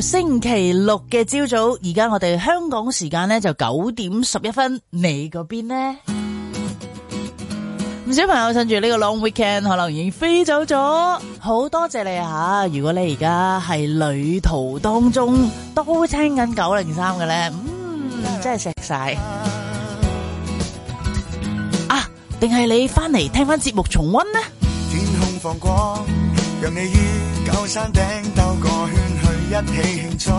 星期六嘅朝早，而家我哋香港時間呢就九點十一分，你嗰邊呢？唔少朋友趁住呢個 long weekend，可能已經飛走咗，好多謝你啊！如果你而家係旅途當中都聽緊九零三嘅咧，嗯，真係錫晒啊！定係你翻嚟聽翻節目重溫呢？天空放光，讓你於舊山頂兜個圈。一起慶祝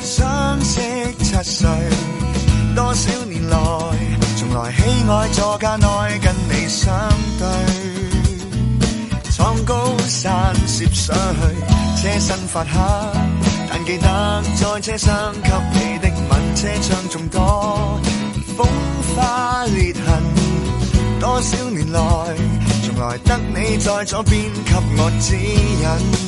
相識七歲，多少年來，從來喜愛座駕內跟你相對，闖高山涉水，車身發黑，但記得在車上給你的吻，車窗眾多風花裂痕，多少年來，從來得你在左邊給我指引。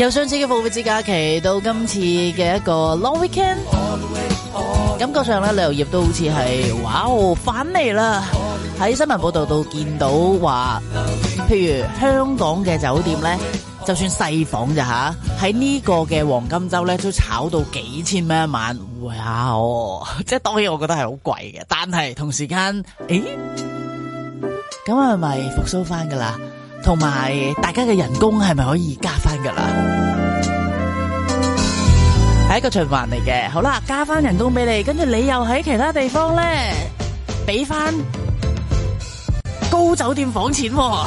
由上次嘅復活節假期到今次嘅一個 Long Weekend，感覺上咧旅遊業都好似係哇、哦，返嚟啦。喺新聞報道度見到話，譬如香港嘅酒店咧，就算細房咋吓，喺呢個嘅黃金周咧，都炒到幾千蚊一晚，哇、哦！即係當然，我覺得係好貴嘅，但係同時間，誒、欸，咁係咪復蘇翻噶啦？同埋大家嘅人工係咪可以加翻噶啦？係一個循環嚟嘅。好啦，加翻人工俾你，跟住你又喺其他地方咧，俾翻高酒店房錢，啊。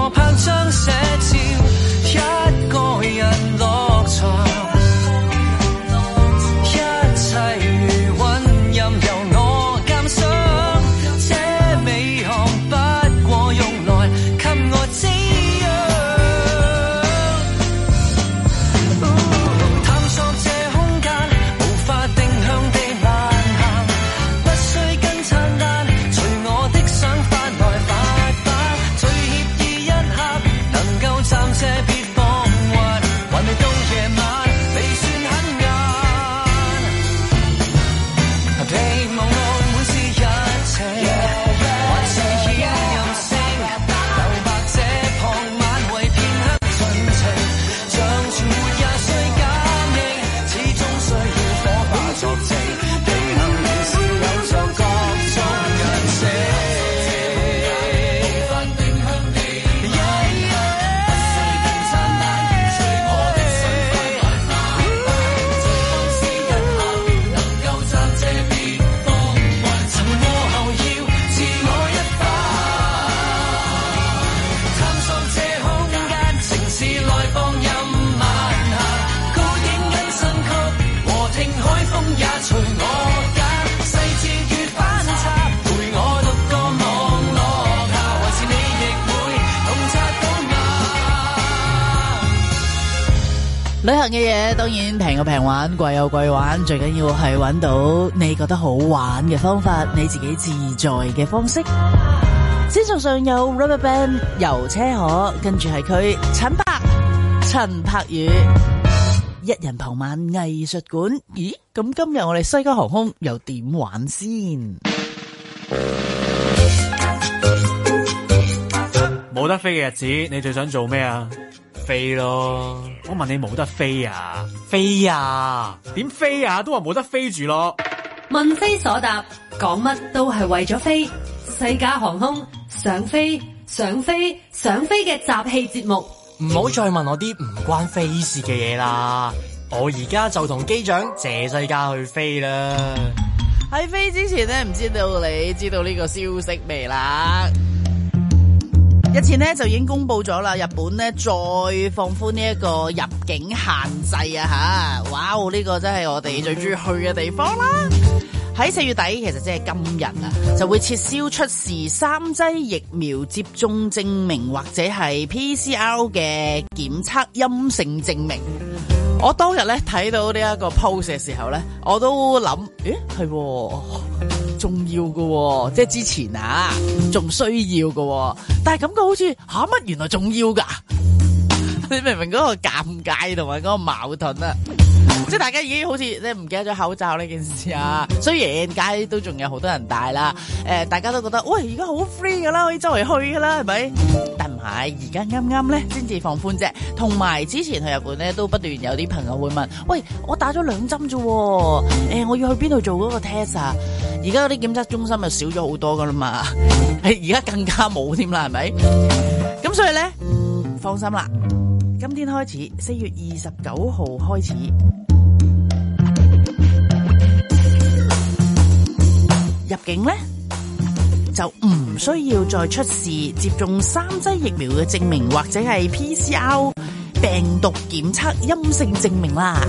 嘅嘢當然平有平玩，貴有貴玩，最緊要係揾到你覺得好玩嘅方法，你自己自在嘅方式。節目上有 Rubberband、遊車河，跟住係佢陳柏、陳柏宇一人傍晚藝術館。咦？咁今日我哋西加航空又點玩先？冇得飛嘅日子，你最想做咩啊？飛咯！我問你冇得飛啊？飛啊？點飛啊？都話冇得飛住咯。問非所答，講乜都係為咗飛。西加航空想飛想飛想飛嘅雜氣節目，唔好、嗯、再問我啲唔關飛事嘅嘢啦。我而家就同機長謝世嘉去飛啦。喺飛之前咧，唔知道你知道呢個消息未啦？日前咧就已經公布咗啦，日本咧再放寬呢一個入境限制啊吓！哇、哦、呢個真係我哋最中意去嘅地方啦！喺四月底，其實即係今日啊，就會撤銷出示三劑疫苗接種證明或者係 PCR 嘅檢測陰性證明。我當日咧睇到呢一個 post 嘅時候咧，我都諗，咦係喎。是重要嘅喎、哦，即係之前啊，仲需要嘅喎、哦，但係感覺好似吓乜，原來重要噶，你明唔明嗰個尷尬同埋嗰個矛盾啊？ 即係大家已經好似你唔記得咗口罩呢件事啊，雖然街都仲有好多人戴啦，誒、呃，大家都覺得喂而家好 free 噶啦，可以周圍去噶啦，係咪？係而家啱啱咧，先至放寬啫。同埋之前去日本咧，都不斷有啲朋友會問：，喂，我打咗兩針啫，誒，我要去邊度做嗰個 test 啊？而家嗰啲檢測中心就少咗好多噶啦嘛，而家更加冇添啦，係咪？咁所以咧，放心啦，今天開始，四月二十九號開始入境咧。就唔需要再出示接種三劑疫苗嘅證明，或者係 PCR 病毒檢測陰性證明啦。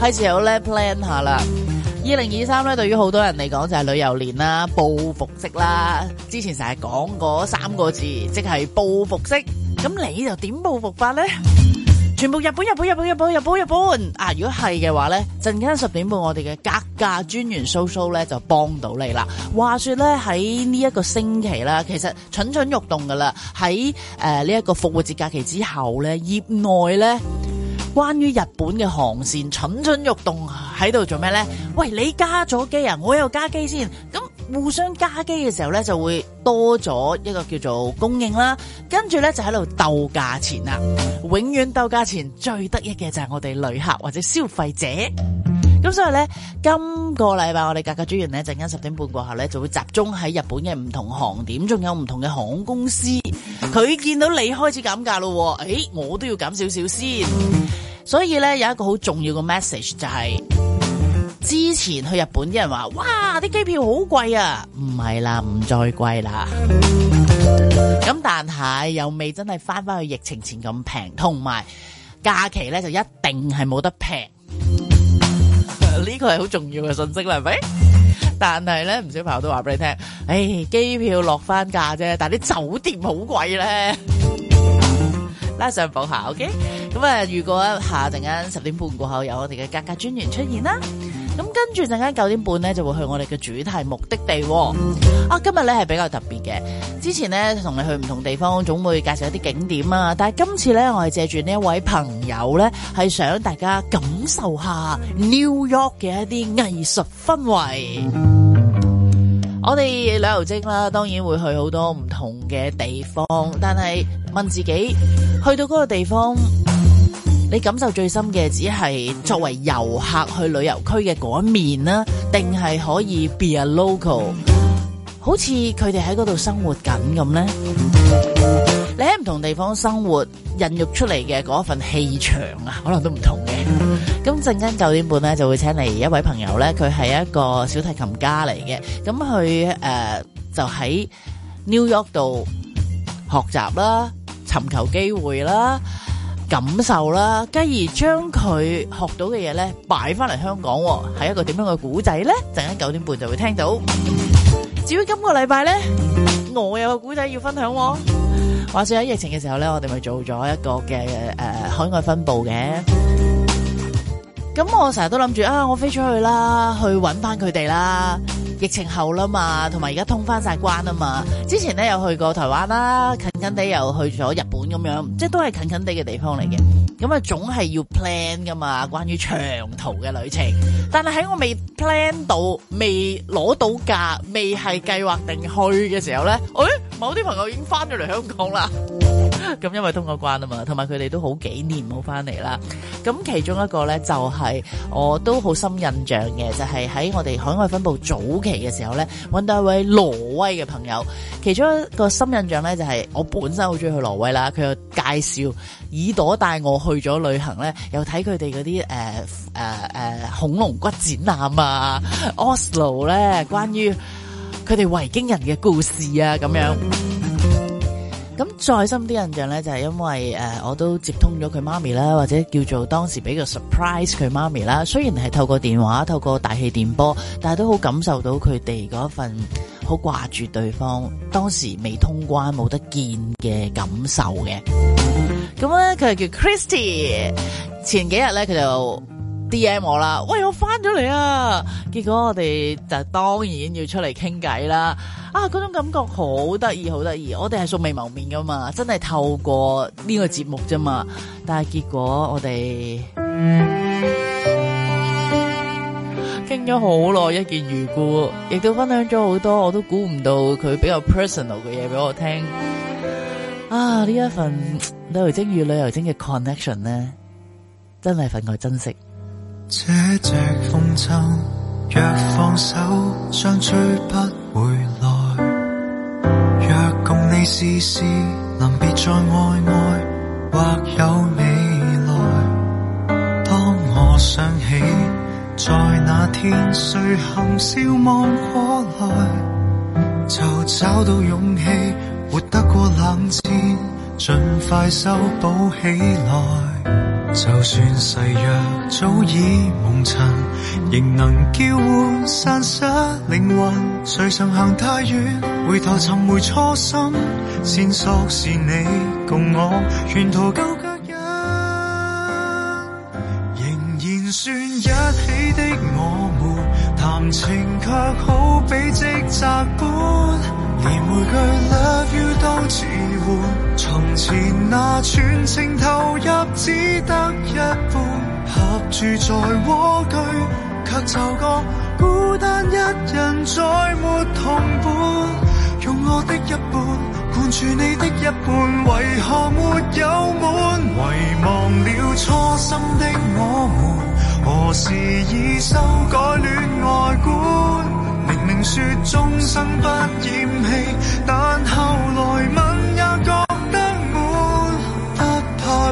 係 時候咧 plan 下啦。二零二三咧，對於好多人嚟講就係旅遊年啦，報復式啦。之前成日講嗰三個字，即係報復式。咁你又點報復法呢？全部日本日本日本日本日本日本啊！如果係嘅話咧，陣間十點半我哋嘅格價專員蘇蘇咧就幫到你啦。話說咧，喺呢一個星期啦，其實蠢蠢欲動噶啦。喺誒呢一個復活節假期之後咧，業內咧關於日本嘅航線蠢蠢欲動喺度做咩咧？喂，你加咗機啊？我又加機先咁。互相加機嘅時候呢，就會多咗一個叫做供應啦，跟住呢，就喺度鬥價錢啦。永遠鬥價錢最得益嘅就係我哋旅客或者消費者。咁、嗯、所以呢，今個禮拜我哋價格主員呢，陣間十點半過後呢，就會集中喺日本嘅唔同航點，仲有唔同嘅航空公司。佢見到你開始減價咯，誒、哎，我都要減少少先。所以呢，有一個好重要嘅 message 就係、是。之前去日本啲人話，哇，啲機票好貴啊，唔係啦，唔再貴啦。咁但係又未真係翻翻去疫情前咁平，同埋假期咧就一定係冇得平。呢個係好重要嘅信息啦，係咪？但係咧，唔少朋友都話俾你聽，誒、哎，機票落翻價啫，但係啲酒店好貴咧。拉上補下，OK。咁啊，如果下陣間十點半過後有我哋嘅價格專員出現啦。咁跟住陣間九點半咧，就會去我哋嘅主題目的地。啊，今日咧，係比較特別嘅，之前咧同你去唔同地方總會介紹一啲景點啊，但係今次咧，我係借住呢一位朋友咧，係想大家感受下 New York 嘅一啲藝術氛圍。 我哋旅遊精啦，當然會去好多唔同嘅地方，但係問自己去到嗰個地方。你感受最深嘅只係作為遊客去旅遊區嘅嗰一面啦，定係可以 be a local，好似佢哋喺嗰度生活緊咁呢。你喺唔同地方生活，孕育出嚟嘅嗰份氣場啊，可能都唔同嘅。咁陣間九點半呢，就會請嚟一位朋友呢，佢係一個小提琴家嚟嘅。咁佢誒就喺 New York 度學習啦，尋求機會啦。感受啦，繼而將佢學到嘅嘢咧擺翻嚟香港，係一個點樣嘅古仔咧？陣間九點半就會聽到。至於今個禮拜咧，我有個古仔要分享。話說喺疫情嘅時候咧，我哋咪做咗一個嘅誒、呃、海外分部嘅。咁我成日都諗住啊，我飛出去啦，去搵翻佢哋啦。疫情後啦嘛，同埋而家通翻晒關啊嘛，之前咧有去過台灣啦，近近地又去咗日本咁樣，即係都係近近地嘅地方嚟嘅，咁啊總係要 plan 噶嘛，關於長途嘅旅程。但係喺我未 plan 到、未攞到假、未係計劃定去嘅時候咧，誒、哎，某啲朋友已經翻咗嚟香港啦。咁因為通過關啊嘛，同埋佢哋都好幾年冇返嚟啦。咁其中一個咧就係、是、我都好深印象嘅，就係、是、喺我哋海外分部早期嘅時候咧，搵到一位挪威嘅朋友。其中一個深印象咧就係、是、我本身好中意去挪威啦，佢又介紹耳朵帶我去咗旅行咧，又睇佢哋嗰啲誒誒誒恐龍骨展覽啊，Oslo 咧關於佢哋維京人嘅故事啊咁樣。咁再深啲印象咧，就係、是、因為誒、呃，我都接通咗佢媽咪啦，或者叫做當時俾個 surprise 佢媽咪啦。雖然係透過電話，透過大氣電波，但係都好感受到佢哋嗰份好掛住對方，當時未通關冇得見嘅感受嘅。咁咧，佢 係樂叫 Christy，前幾日咧佢就 DM 我啦，喂，我翻咗嚟啊！結果我哋就當然要出嚟傾偈啦。啊！嗰種感覺好得意，好得意。我哋係素未謀面噶嘛，真係透過呢個節目啫嘛。但係結果我哋傾咗好耐，一見如故，亦都分享咗好多。我都估唔到佢比較 personal 嘅嘢俾我聽。啊！呢一份旅遊精與旅遊精嘅 connection 咧，真係份外珍惜。這隻風箏若放手，將追不回來。事事臨別再愛愛，或有未來。當我想起，在那天誰含笑望過來，就找到勇氣，活得過冷戰。盡快修補起來，就算誓約早已蒙塵，仍能叫喚散失靈魂。誰曾行太遠，回頭尋回初心，線索是你共我，沿途勾腳印，仍然算一起的我們。談情卻好比職責般，連每句 love you 都遲緩。從前那全情投入，只得一半，合住在蝸居，卻就覺孤單一人，再沒同伴。用我的一半，灌住你的一半，為何沒有滿？遺忘了初心的我們，何時已修改戀愛觀？明明說終生不嫌棄，但後來。即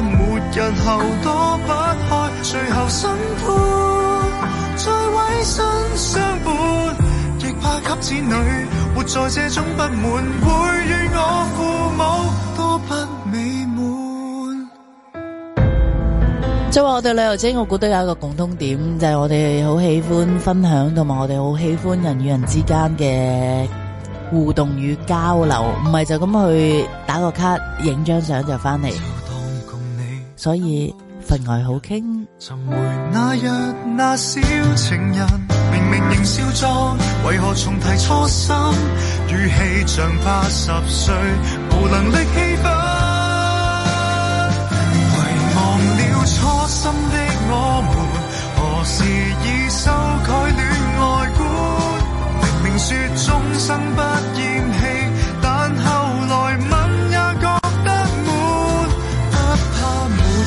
係話，我哋旅遊者，我估都有一個共通點，就係我哋好喜歡分享，同埋我哋好喜歡人與人之間嘅互動與交流，唔係就咁去打個卡，影張相就翻嚟。所以分外好傾，尋回那日，那小情人，明明仍笑妝，為何重提初心？語氣像八十歲，無能力氣憤，遺忘了初心的我們，何時已修改戀愛觀？明明說終生不厭。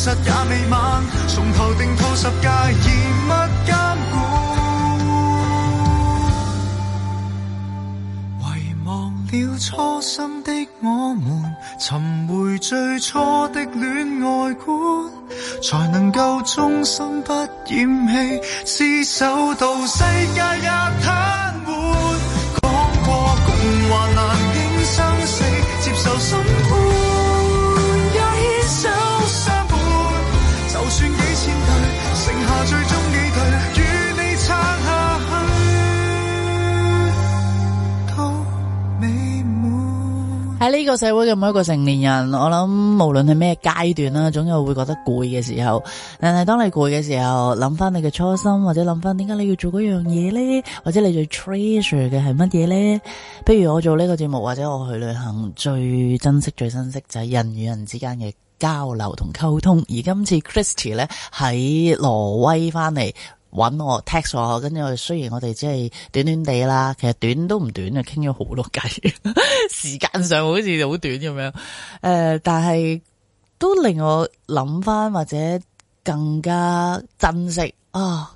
實也未晚，從頭定套十戒，嚴密監管。遺忘了初心的我們，尋回最初的戀愛觀，才能夠終生不嫌棄，廝守到世界一天。喺呢個社會嘅每一個成年人，我諗無論係咩階段啦，總有會覺得攰嘅時候。但係當你攰嘅時候，諗翻你嘅初心，或者諗翻點解你要做嗰樣嘢呢？或者你最 treasure 嘅係乜嘢呢？譬如我做呢個節目，或者我去旅行最珍惜、最珍惜，最珍惜就係人與人之間嘅交流同溝通。而今次 Christie 咧喺挪威翻嚟。搵我 text 我，跟住我雖然我哋即係短短地啦，其實短都唔短啊，傾咗好多偈，時間上好似好短咁樣，誒、呃，但係都令我諗翻或者更加珍惜啊，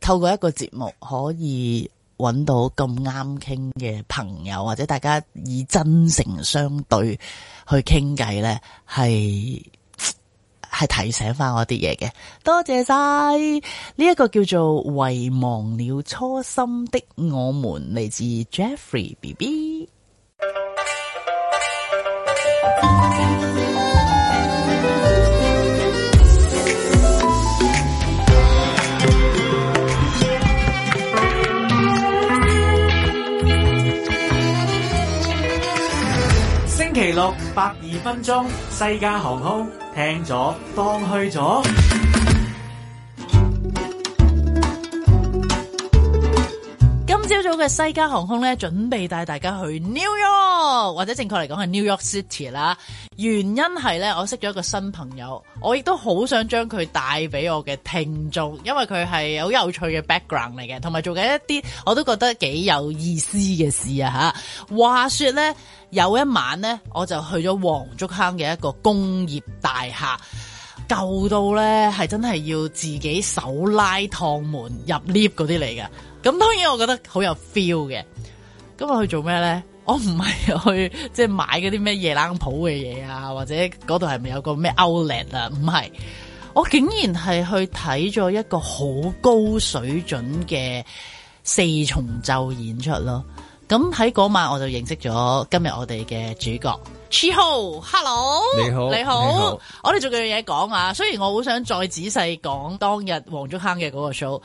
透過一個節目可以搵到咁啱傾嘅朋友，或者大家以真誠相對去傾偈咧，係。係提醒翻我啲嘢嘅，多謝晒，呢一個叫做遺忘了初心的我們，嚟自 Jeffrey BB。六百二分鐘，西加航空聽咗當去咗。朝早嘅西加航空咧，準備帶大家去 New York，或者正確嚟講係 New York City 啦。原因係咧，我識咗一個新朋友，我亦都好想將佢帶俾我嘅聽眾，因為佢係好有趣嘅 background 嚟嘅，同埋做緊一啲我都覺得幾有意思嘅事啊吓。話說咧，有一晚咧，我就去咗黃竹坑嘅一個工業大廈。舊到咧，係真係要自己手拉趟門入 lift 嗰啲嚟㗎。咁當然我覺得好有 feel 嘅。咁我去做咩咧？我唔係去即係、就是、買嗰啲咩夜冷鋪嘅嘢啊，或者嗰度係咪有個咩 Outlet 啊？唔係，我竟然係去睇咗一個好高水準嘅四重奏演出咯。咁喺嗰晚我就認識咗今日我哋嘅主角 Chihoo，Hello，你好，你好，你好，我哋仲有嘢講啊！雖然我好想再仔細講當日黃竹坑嘅嗰個 show，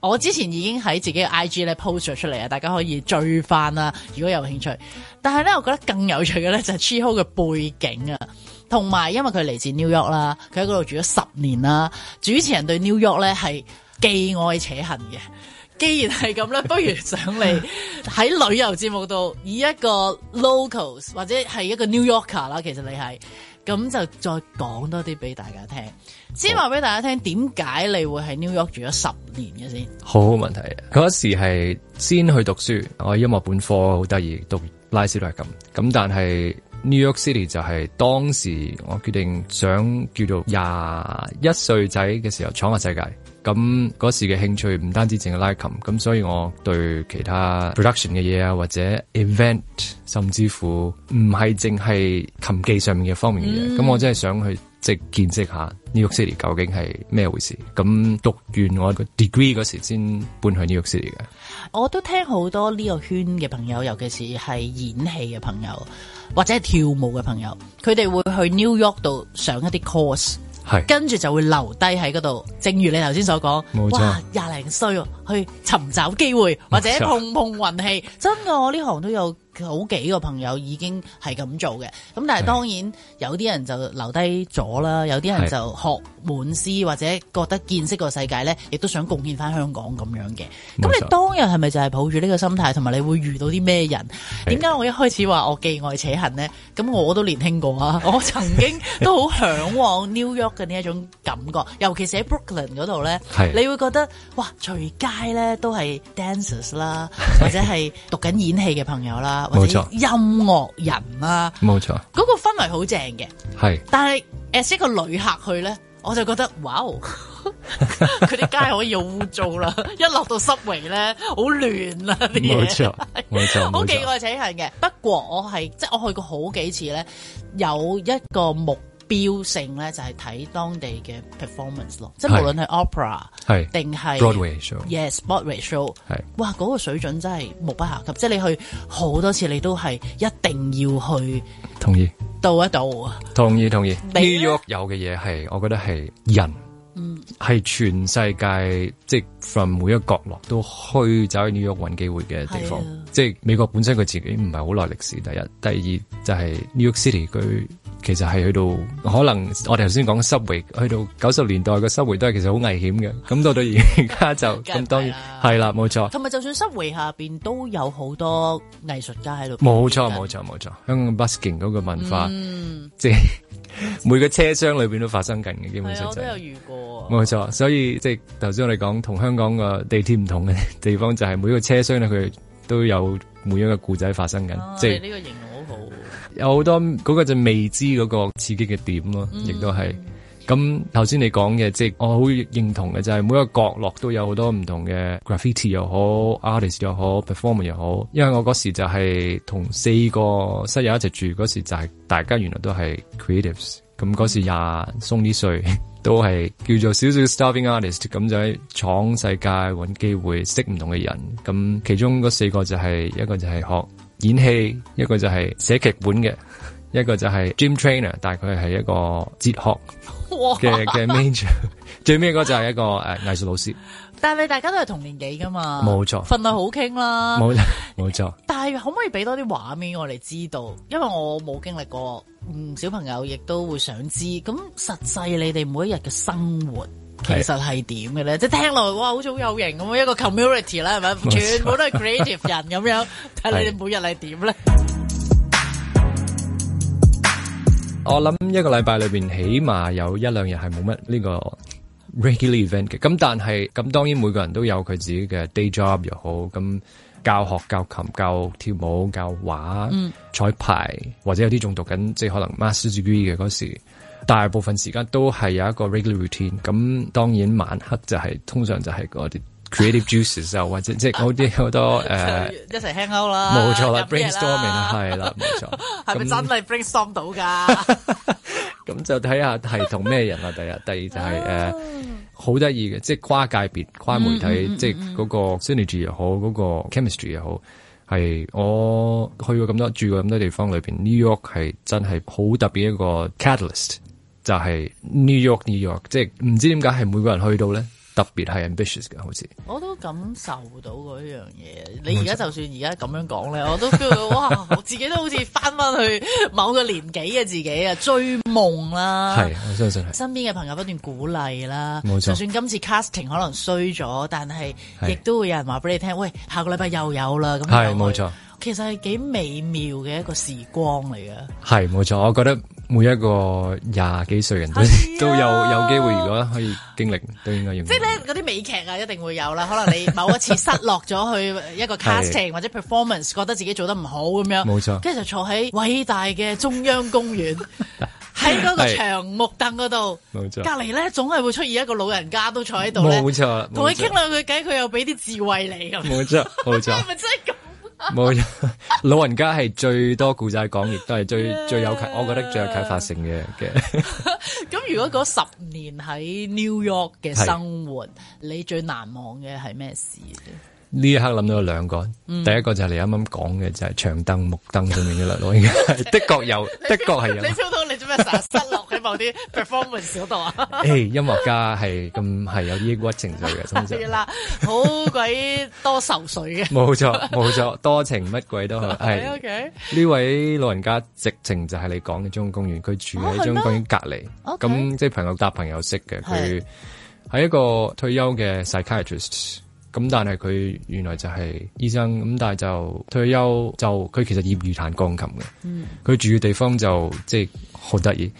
我之前已經喺自己嘅 IG 咧 post 咗出嚟啊，大家可以追翻啦，如果有興趣。但係咧，我覺得更有趣嘅咧就係 Chihoo 嘅背景啊，同埋因為佢嚟自 New York 啦，佢喺嗰度住咗十年啦。主持人對 New York 咧係既愛且恨嘅。既然係咁啦，不如上嚟喺旅遊節目度 以一個 locals 或者係一個 New Yorker 啦。其實你係咁就再講多啲俾大家聽。先話俾大家聽，點解你會喺 New York 住咗十年嘅先？好好問題。嗰時係先去讀書，我音樂本科好得意，讀拉絲都係咁。咁但係 New York City 就係當時我決定想叫做廿一歲仔嘅時候闖下世界。咁嗰時嘅興趣唔單止淨係拉琴，咁所以我對其他 production 嘅嘢啊，或者 event，甚至乎唔係淨係琴技上面嘅方面嘅嘢，咁、嗯、我真係想去即係見識下 New York City 究竟係咩回事。咁讀完我一個 degree 嗰時，先搬去 New York City 嘅。我都聽好多呢個圈嘅朋友，尤其是係演戲嘅朋友，或者係跳舞嘅朋友，佢哋會去 New York 度上一啲 course。是 跟住就會留低喺嗰度，正如你頭先所講，沒錯 哇，廿零歲，去尋找機會，或者碰碰運氣，沒錯 真嘅，我呢行都有。好幾個朋友已經係咁做嘅，咁但係當然有啲人就留低咗啦，的有啲人就學滿師或者覺得見識個世界咧，亦都想貢獻翻香港咁樣嘅。咁錯你當日係咪就係抱住呢個心態，同埋你會遇到啲咩人？點解的我一開始話我既愛且恨咧？咁我都年輕過啊， 我曾經都好向往 New York 嘅呢一種感覺，尤其、ok、是喺 Brooklyn 嗰度咧，你會覺得哇，隨街咧都係 dancers 啦，或者係讀緊演戲嘅朋友啦。 冇錯，音樂人啊，冇錯，嗰個氛圍好正嘅，係。但係，作為一個旅客去咧，我就覺得，哇哦，佢啲街可以好污糟啦，一落到濕圍咧，好亂啊。冇錯，冇錯，好幾個係請行嘅。不過我係，即係我去過好幾次咧，有一個目標性咧就係、是、睇當地嘅 performance 咯，即係無論係 opera 定係 Broadway 是 show，yes 是 Broadway show，哇嗰、那個水準真係目不暇給。是即係你去好多次，你都係一定要去。同意。到一度。同意同意。你 New York 有嘅嘢係，我覺得係人，係、嗯、全世界即係、就是、from 每一個角落都去走去 New York 揾機會嘅地方，啊、即係美國本身佢自己唔係好耐歷史，第一，第二就係 New York City 佢。其實係去到可能我哋頭先講 subway，去到九十年代嘅 subway 都係其實好危險嘅。咁到到而家就咁，當然係啦，冇錯。同埋就算 subway 下邊都有好多藝術家喺度。冇錯，冇錯，冇錯。香港 busking 嗰個文化，即係每個車廂裏邊都發生緊嘅，基本上就係我都有遇過。冇錯，所以即係頭先我哋講同香港嘅地鐵唔同嘅地方，就係每個車廂咧，佢都有每樣嘅故仔發生緊，即係呢個形容。有好多嗰個就未知嗰個刺激嘅點咯，亦都係。咁頭先你講嘅，即係我好認同嘅就係每個角落都有好多唔同嘅 graffiti 又好，artist 又好 performer 又好。因為我嗰時就係同四個室友一齊住嗰時就係大家原來都係 creatives。咁嗰時廿鬆啲歲都係叫做少少 starving artist，咁就喺闖世界揾機會識唔同嘅人。咁其中嗰四個就係一個就係學。演戲，一個就係寫劇本嘅，一個就係 gym trainer，大概佢係一個哲學嘅嘅 major，最尾嗰就係一個誒藝術老師。但係大家都係同年紀噶嘛，冇錯錯，份內好傾啦，冇錯。沒錯，但係可唔可以俾多啲畫面我哋知道？因為我冇經歷過，嗯，小朋友亦都會想知。咁實際你哋每一日嘅生活。是其實係點嘅咧？即係聽落哇，好似好有型咁，一個 community 啦，係咪錯？全部都係 creative 人咁樣。睇下 你每日係點咧？我諗一個禮拜裏邊，起碼有一兩日係冇乜呢個 regular event 嘅。咁但係咁，當然每個人都有佢自己嘅 day job 又好。咁教學、教琴、教跳舞、教畫、嗯、彩排，或者有啲仲讀緊即係可能 master degree 嘅嗰時候。大部分時間都係有一個 regular routine。咁當然晚黑就係通常就係嗰啲 creative juices 啊，或者即係好啲好多誒一齊 hang out 啦，冇錯啦，brainstorming 係啦，冇錯，係咪真係 brainstorm 到㗎？咁就睇下係同咩人啦。第一，第二就係誒好得意嘅，即係跨界別跨媒體，即係嗰個 synergy 又好，嗰個 chemistry 又好，係我去過咁多住過咁多地方裏邊，New York 係真係好特別一個 catalyst。就係 New York，New York，即係唔知點解係每個人去到咧，特別係 ambitious 嘅，好似我都感受到嗰樣嘢。你而家就算而家咁樣講咧，我都覺得哇，我自己都好似翻翻去某個年紀嘅自己啊，追夢啦。係，我相信係。身邊嘅朋友不斷鼓勵啦，冇錯。就算今次 casting 可能衰咗，但係亦都會有人話俾你聽，喂，下個禮拜又有啦。咁，係，冇錯。其實係幾美妙嘅一個時光嚟嘅。係，冇錯，我覺得。每一個廿幾歲人都都有有機會，如果可以經歷，都應該要。即係咧啲美劇啊，一定會有啦。可能你某一次失落咗去一個 casting 或者 performance，覺得自己做得唔好咁樣，冇錯。跟住就坐喺偉大嘅中央公園，喺嗰個長木凳嗰度，冇錯。隔籬咧，總係會出現一個老人家都坐喺度冇錯。同佢傾兩句偈，佢又俾啲智慧你，冇錯，冇錯。冇， 老人家係最多故仔講，亦都係最 Yeah. 最有啟，我覺得最有啟發性嘅嘅。咁 如果嗰十年喺 New York 嘅生活，是你最難忘嘅係咩事呢？呢一刻諗到有兩個，第一個就係你啱啱講嘅，就係長燈、木燈上面嘅律落，的確有，的確係有。你超濤，你做咩成日失落喺某啲 performance 度啊？誒，音樂家係咁係有抑鬱情緒嘅，真係。可以啦，好鬼多愁水嘅。冇錯，冇錯，多情乜鬼都係。OK，呢位老人家直情就係你講嘅中央公園，佢住喺中央公園隔籬，咁即係朋友搭朋友識嘅，佢係一個退休嘅 psychiatrist。咁但係佢原來就係醫生，咁但係就退休就佢其實業餘彈鋼琴嘅。佢、嗯、住嘅地方就即係好得意，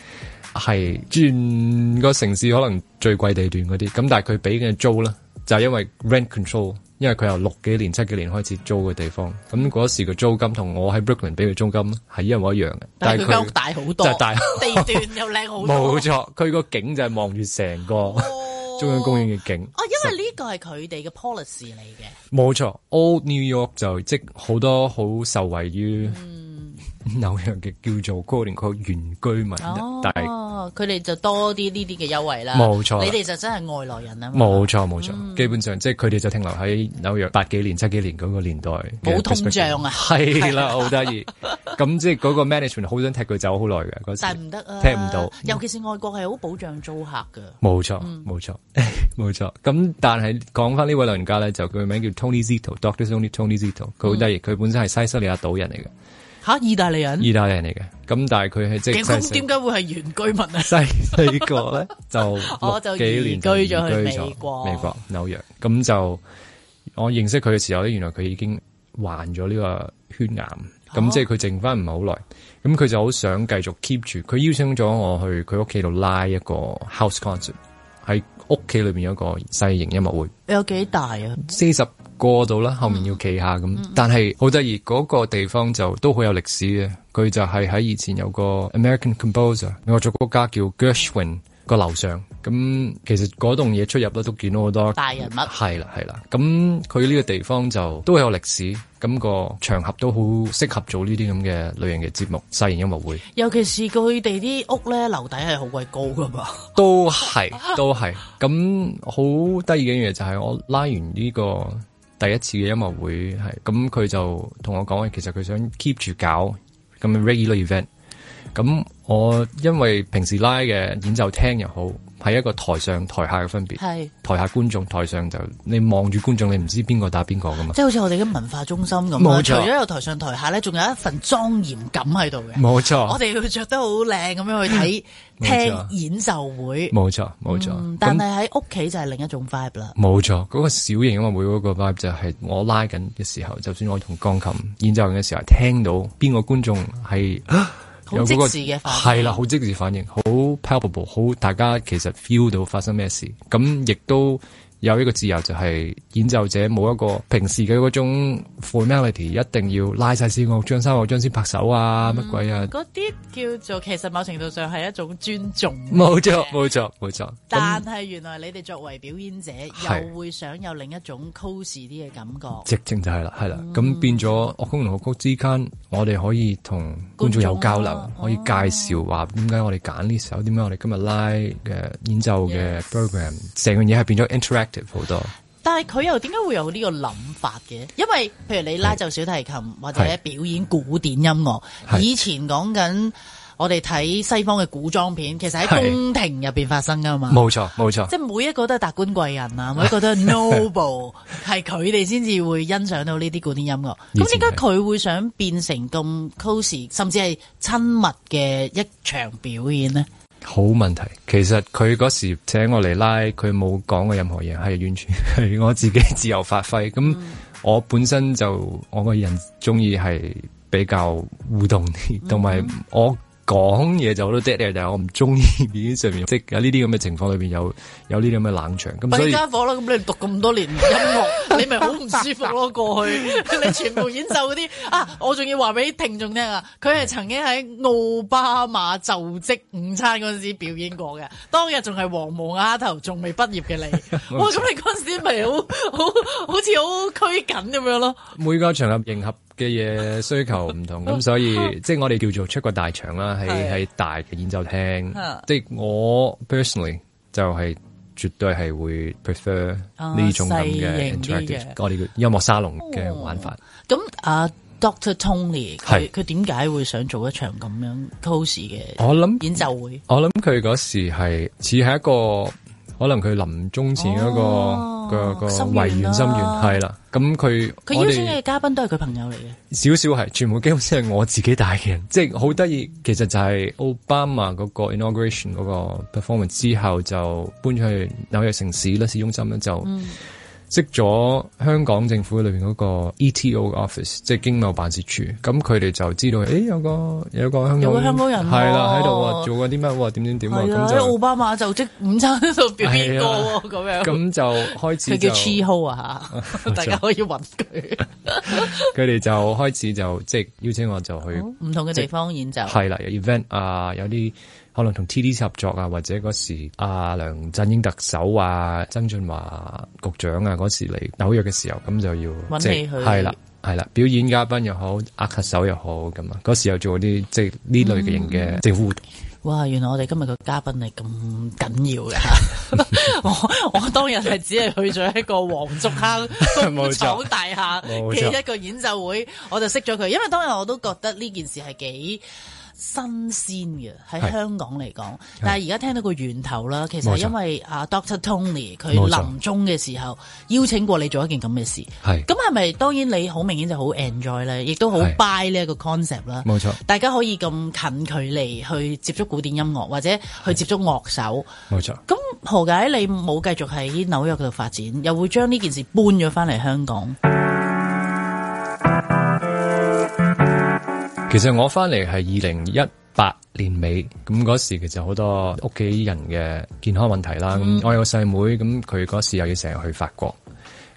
係、就、轉、是、個城市可能最貴地段嗰啲。咁但係佢俾嘅租啦就係因為 rent control，因為佢由六幾年七幾年開始租嘅地方。咁嗰時嘅租金同我喺 Brooklyn 俾嘅租金係一模一樣嘅，但係佢間屋大好多，就大地段又靚好多。冇錯，佢個景就係望住成個，哦中央公園嘅景哦，因為呢個係佢哋嘅 policy 嚟嘅，冇錯。Old New York 就即係好多好受惠於、嗯、紐約嘅叫做公園區原居民，哦、但係。佢哋就多啲呢啲嘅優惠啦，冇錯。你哋就真係外來人啊，冇錯冇錯，基本上即係佢哋就停留喺紐約八幾年七幾年嗰個年代，冇通脹啊，係啦，好得意。咁即係嗰個 management 好想踢佢走好耐嘅嗰時，但係唔得啊，踢唔到。尤其是外國係好保障租客嘅，冇錯冇錯冇錯。咁但係講返呢位老人家咧，就佢嘅名叫 Tony Zito，Doctor Tony Zito，佢好得意，佢本身係西西里亞島人嚟嘅。吓，意大利人？意大利人嚟嘅，咁但係佢係即係點解會係原居民啊？細細個咧就六幾年我就移居咗去美國，美國紐約。咁就我認識佢嘅時候咧，原來佢已經患咗呢個血癌，咁、哦、即係佢剩翻唔係好耐。咁佢就好想繼續 keep 住，佢邀請咗我去佢屋企度拉一個 house concert，喺屋企裏邊有一個細型音樂會。你有幾大啊？四十。過到啦，後面要企下咁，嗯、但係好得意嗰個地方就都好有歷史嘅，佢就係喺以前有個 American composer，美國作曲家叫 Gershwin 個樓上咁，其實嗰棟嘢出入咧都見到好多大人物，係啦係啦，咁佢呢個地方就都係有歷史，咁、那個場合都好適合做呢啲咁嘅類型嘅節目，西洋音樂會，尤其是佢哋啲屋咧樓底係好鬼高噶嘛，都係都係，咁好得意嘅嘢就係我拉完呢、這個。第一次嘅音樂會係，咁，佢就同我講，其實佢想 keep 住搞咁 regular event。咁我因為平時拉嘅演奏廳又好。係一個台上台下嘅分別，係是台下觀眾，台上就你望住觀眾，你唔知邊個打邊個噶嘛。即係好似我哋嘅文化中心咁冇錯，錯除咗有台上台下咧，仲有一份莊嚴感喺度嘅。冇錯，我哋要着得好靚咁樣去睇錯聽演奏會。冇錯冇錯，錯嗯、但係喺屋企就係另一種 vibe 啦。冇錯，嗰、那個小型啊嘛，每、那、一個 vibe 就係我拉緊嘅時候，就算我同鋼琴演奏嘅時候，聽到邊個觀眾係。 有、嗰個係啦，好即時反應，好 palpable，好大家其實 feel 到發生咩事，咁亦都。有呢個自由就係、是、演奏者冇一個平時嘅嗰種 formality，一定要拉曬四個樂章，三個樂章先拍手啊乜、嗯、鬼啊！嗰啲叫做其實某程度上係一種尊重。冇錯冇錯冇錯。錯錯，但係原來你哋作為表演者、嗯、又會想有另一種 cozy 啲嘅感覺。是直情就係啦，係啦。咁、嗯、變咗樂曲同樂曲之間，我哋可以同觀眾有交流，啊、可以介紹話點解我哋揀呢首，點解我哋今日拉嘅演奏嘅 program，Yes. 整成個嘢係變咗 interact。好多，但係佢又點解會有呢個諗法嘅？因為譬如你拉奏小提琴是或者表演古典音樂，是以前講緊我哋睇西方嘅古裝片，其實喺宮廷入邊發生噶嘛？冇錯冇錯，錯錯，即係每一個都係達官貴人啊，每一個都係 noble 係，係佢哋先至會欣賞到呢啲古典音樂。咁點解佢會想變成咁 cosy，甚至係親密嘅一場表演呢？好問題，其實佢嗰時請我嚟拉，佢冇講過任何嘢，係完全係我自己自由發揮。咁我本身就，我個人中意係比較互動啲，同埋我。講嘢就好多 dead air，但係我唔中意呢上面 即係呢啲咁嘅情況裏邊有有呢啲咁嘅冷場咁，所以。俾間房啦，咁你讀咁多年 音樂，你咪好唔舒服咯？ 過去你全部演奏嗰啲 啊，我仲要話俾聽眾聽啊，佢係曾經喺奧巴馬就職午餐嗰陣時表演過嘅， 當日仲係黃毛丫頭，仲未畢業嘅你， 沒錯 哇！咁你嗰陣時咪好好好似好拘謹咁樣咯？每個場合迎合。嘅嘢需求唔同，咁 所以即係我哋叫做出個大場啦，喺喺、啊、大嘅演奏廳。係、啊、我 personally 就係絕對係會 prefer 呢、啊、種咁嘅 interactive，我哋嘅音樂沙龍嘅玩法。咁啊，Doctor Tony，係佢點解會想做一場咁樣 cosy 嘅？我諗演奏會，我諗佢嗰時係似係一個。可能佢臨終前嗰個、哦、個個遺願心願係啦，咁佢佢邀請嘅嘉賓都係佢朋友嚟嘅，少少係，全部基本上係我自己帶嘅，人，即係好得意。其實就係奧巴馬嗰個 inauguration 嗰個 performance 之後，就搬咗去紐約城市市中心咁就。嗯。識咗香港政府裏邊嗰個 ETO office，即係經貿辦事處，咁佢哋就知道，誒、欸、有個有個香港有個香港人係啦喺度做過啲乜，點點點咁就。奧巴馬就即午餐喺度表邊個咁樣。咁就開始佢叫 c h e e 啊吓，啊大家可以問佢。佢哋 就開始就即係邀請我就去唔同嘅地方演奏。係啦，event 啊，有啲、e。可能同 T D 合作啊，或者嗰時阿、啊、梁振英特首啊、曾俊華局長啊嗰時嚟紐約嘅時候，咁就要係啦，係啦、就是，表演嘉賓又好，握下手又好咁啊。嗰時又做啲即係呢類嘅型嘅即係。嗯、活動哇！原來我哋今日個嘉賓係咁緊要嘅。 我當當日係只係去咗一個黃竹坑工廠大廈嘅 一個演奏會，我就識咗佢。因為當日我都覺得呢件事係幾。新鮮嘅，喺香港嚟講，是但係而家聽到個源頭啦，是其實係因為啊 Doctor Tony 佢錯臨終嘅時候邀請過你做一件咁嘅事，咁係咪當然你好明顯就好 enjoy 咧，亦都好 buy 呢一個 concept 啦。冇是錯，大家可以咁近距離去接觸古典音樂或者去接觸樂手。冇是錯，咁何解你冇繼續喺紐約度發展，又會將呢件事搬咗返嚟香港？其實我翻嚟係二零一八年尾，咁嗰時其實好多屋企人嘅健康問題啦。咁、嗯、我有個細妹，咁佢嗰時又要成日去法國，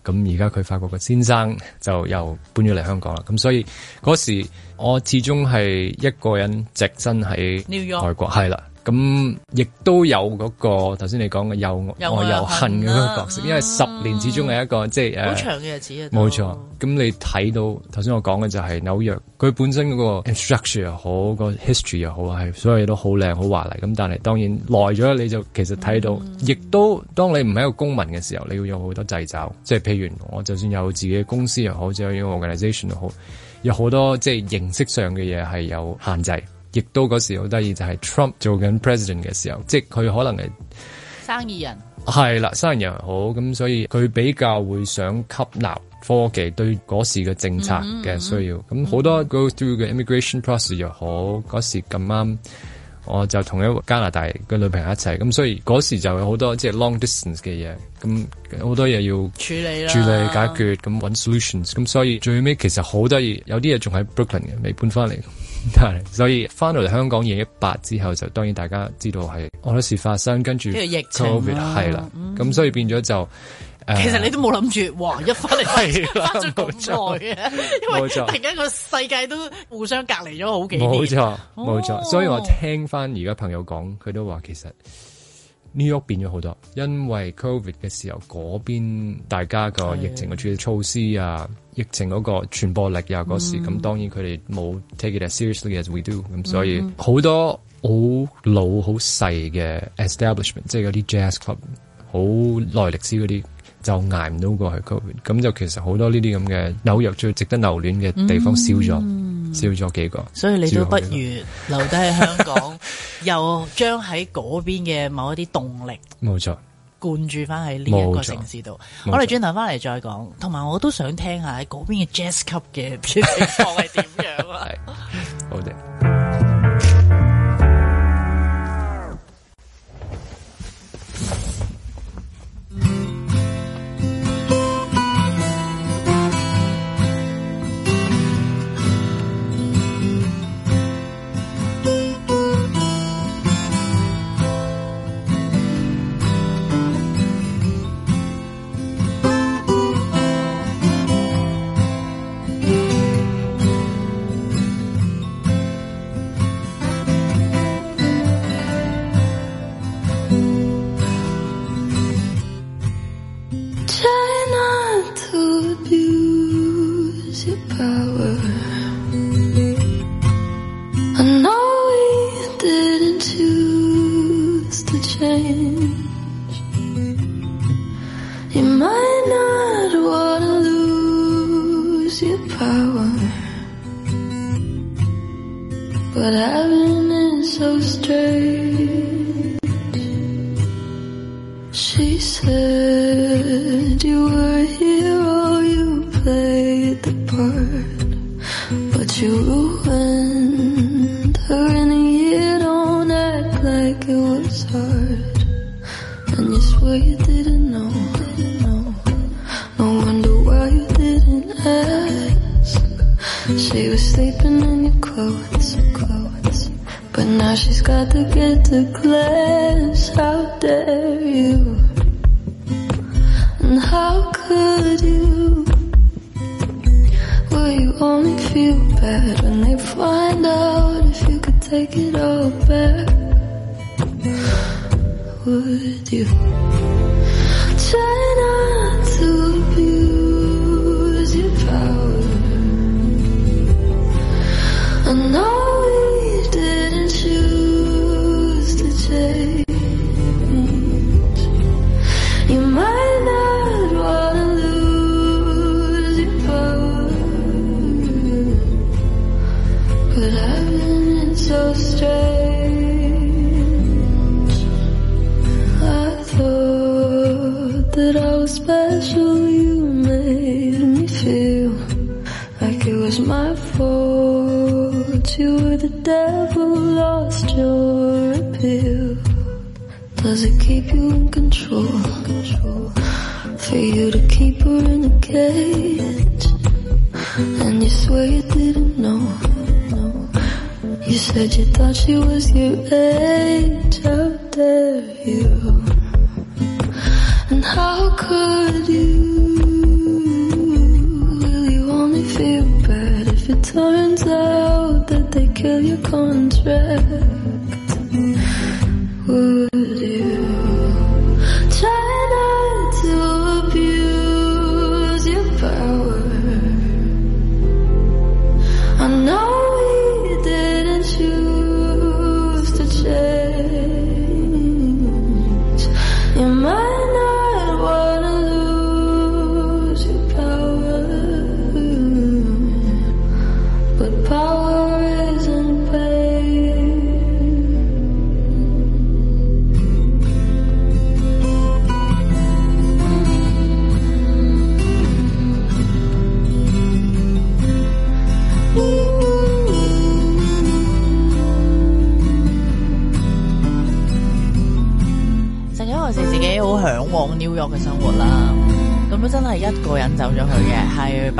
咁而家佢法國嘅先生就又搬咗嚟香港啦。咁所以嗰時我始終係一個人，直身喺外國，係啦。咁亦都有嗰、嗰個，頭先你講嘅又愛又恨嘅嗰個角色，因為十年始終係一個、嗯、即係是好長嘅日子，冇錯。咁你睇到頭先我講嘅就係紐約，佢本身嗰 structure 又好，嗰個 history 又好，係所有嘢都好靚、好華麗。咁但係當然耐咗，你就其實睇到，亦、嗯、都當你唔係一個公民嘅時候，你要用好多掣肘，即係譬如，我就算有自己嘅公司又好，即係 organization 又好，有好多即係形式上嘅嘢係有限制。亦都嗰時好得意，就係、是、Trump 做緊 president 嘅時候，即係佢可能係生意人，係啦，生意人好咁，所以佢比較會想吸納科技對嗰時嘅政策嘅需要。咁好、嗯嗯嗯嗯、多 go through 嘅 immigration process 又好，嗰、嗯嗯、時咁啱，我就同一加拿大嘅女朋友一齊，咁所以嗰時就有好多即係、就是、long distance 嘅嘢，咁好多嘢要處理啦，處理解決，咁揾 solutions。咁所以最尾其實好得意，有啲嘢仲喺 Brooklyn 嘅，未搬翻嚟。係，所以翻到嚟香港二一八之後，就當然大家知道係好多事發生，跟住跟住疫情係、啊、啦，咁了、嗯、所以變咗就，其實你都冇諗住，哇！一翻嚟翻咗咁耐啊，因為突然間個世界都互相隔離咗好幾年，冇錯冇錯，錯哦、所以我聽翻而家朋友講，佢都話其實 New York 變咗好多，因為 covid 嘅時候嗰邊大家個疫情嘅處理措施啊。疫情嗰個傳播力呀，嗰時咁當然佢哋冇 take it as seriously as we do，咁、嗯、所以好多好老好細嘅 establishment，即係嗰啲 jazz club，好耐歷史嗰啲就捱唔到過去 COVID，咁就其實好多呢啲咁嘅紐約最值得留戀嘅地方少咗，少咗、嗯、幾個，所以你都不如留低喺香港， 又將喺嗰邊嘅某一啲動力冇錯。灌注翻喺呢一個城市度，錯我哋轉頭翻嚟再講，同埋錯我都想聽下喺嗰邊嘅 jazz 級嘅情況係點樣啊！ 好嘅。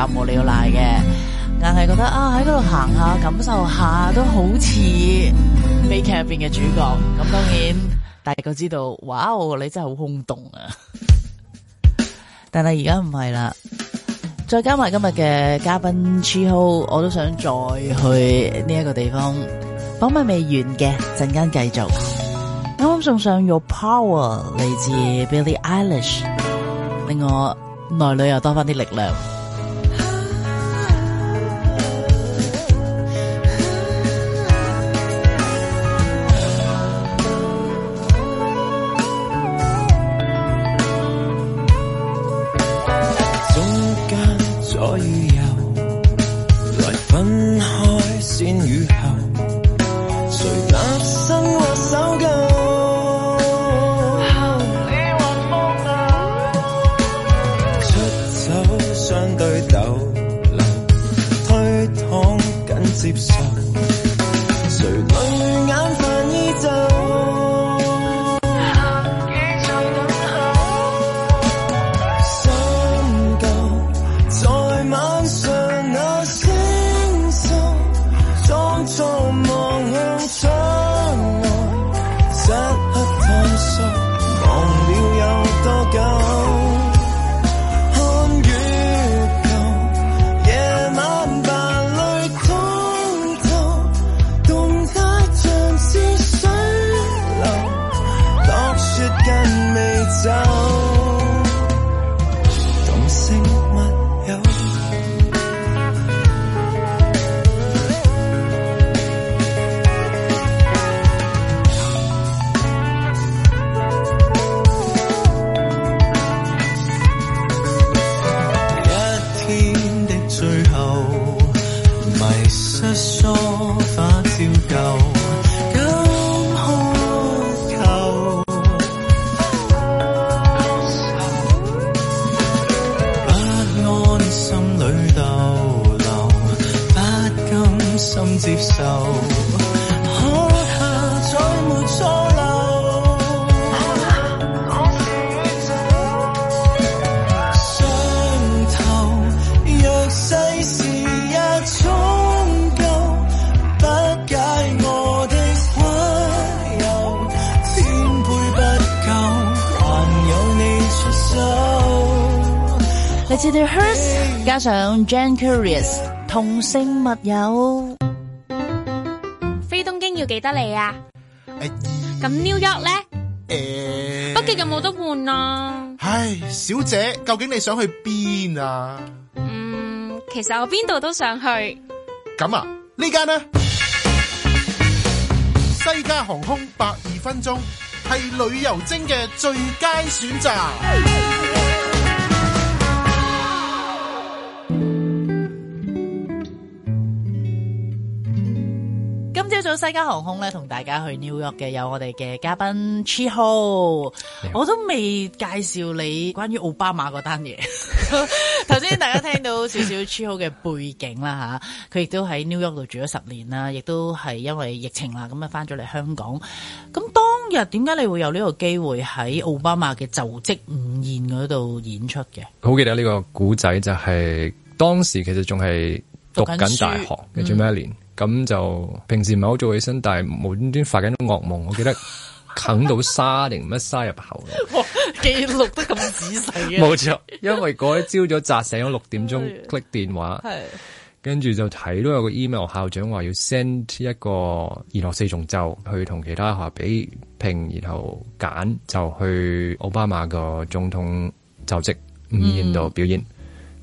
目無了賴嘅，硬係覺得啊喺嗰度行下感受下都好似悲劇入邊嘅主角。咁當然，大家知道，哇你真係好空洞啊！ 但係而家唔係啦，再加埋今日嘅嘉賓稱號，ou, 我都想再去呢一個地方。訪問未完嘅，陣間繼續。啱啱送上 Your Power 嚟自 Billie Eilish，令我內裏又多翻啲力量。加上 Jane Curious 同性密友，飛東京要幾得嚟啊？咁 New York 咧？誒，北京有冇得換啊？唉，小姐，究竟你想去邊啊？嗯，其實我邊度都想去。咁啊，呢間呢？西加航空百二分鐘係旅遊精嘅最佳選擇。西加航空咧，同大家去 New York 嘅有我哋嘅嘉賓 Chi Ho，好我都未介紹你關於奧巴馬嗰單嘢。頭 先大家聽到少少 Chi Ho 嘅背景啦吓，佢、啊、亦都喺 New York 度住咗十年啦，亦都係因為疫情啦，咁啊翻咗嚟香港。咁當日點解你會有呢個機會喺奧巴馬嘅就職午宴嗰度演出嘅？好記得呢個古仔就係、是、當時其實仲係讀緊大學，最尾一年？嗯咁就平時唔係好早起身，但係無端端發緊惡夢， 我記得啃到沙定乜沙入口咯、 哦。記錄得咁仔細嘅，冇 錯 因為嗰一朝早扎醒咗六點鐘，click 以電話，跟住是就睇到有個 email 校長話要 send 一個弦樂四重奏去同其他學校比拼，然後揀就去奧巴馬個總統就職午宴度表演。嗯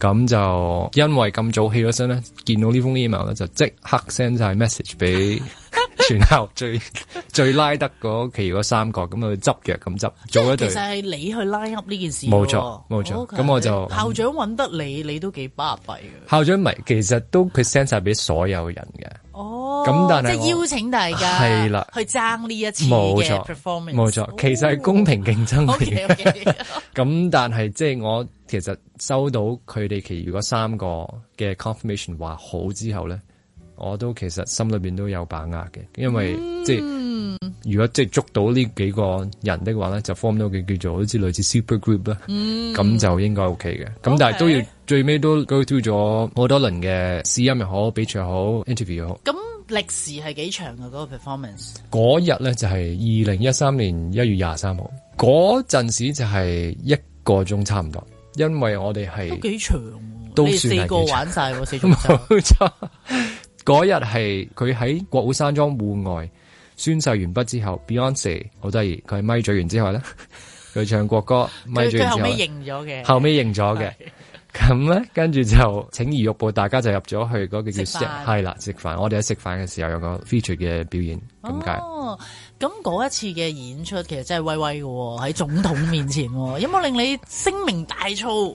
咁就因為咁早起咗身咧，見到呢封 email 咧，就即刻 send 晒 message 俾全校最最拉得嗰期嗰三個，咁去執藥咁執做一對。即係其實係你去拉 up 呢件事，冇錯冇錯。咁我就校長揾得你，你都幾巴閉嘅。校長咪其實都佢 send 晒俾所有人嘅。哦，咁但係即係邀請大家係啦去爭呢一次嘅 performance。冇錯，冇錯，其實係公平競爭嚟。咁但係即係我。其實收到佢哋其餘嗰三個嘅 confirmation 話好之後咧，我都其實心裏邊都有把握嘅，因為、嗯、即係如果即係捉到呢幾個人的話咧，就 form 到嘅叫做好似類似 super group 啦、嗯，咁就應該 O K 嘅。咁 Okay, 但係都要最尾都 go through 咗好多輪嘅試音又好，比賽又好，interview 又好。咁歷時係幾長嘅嗰、那個 performance？嗰日咧就係二零一三年一月廿三號嗰陣時，就係、是、一個鐘差唔多。因為我哋係都幾長，我哋四個玩晒，我四場。嗰日係佢喺國會山莊戶外宣誓完畢之後，Beyonce 好得意，佢係咪嘴完之後咧，佢唱國歌，咪嘴完之後，後尾認咗嘅，後尾認咗嘅。咁咧的，跟住就請移玉步，大家就入咗去嗰個叫食，係啦食飯。我哋喺食飯嘅時候有個 feature 嘅表演，咁解、哦？咁嗰一次嘅演出其實真係威威嘅喎，喺總統面前， 有冇令你聲名大噪？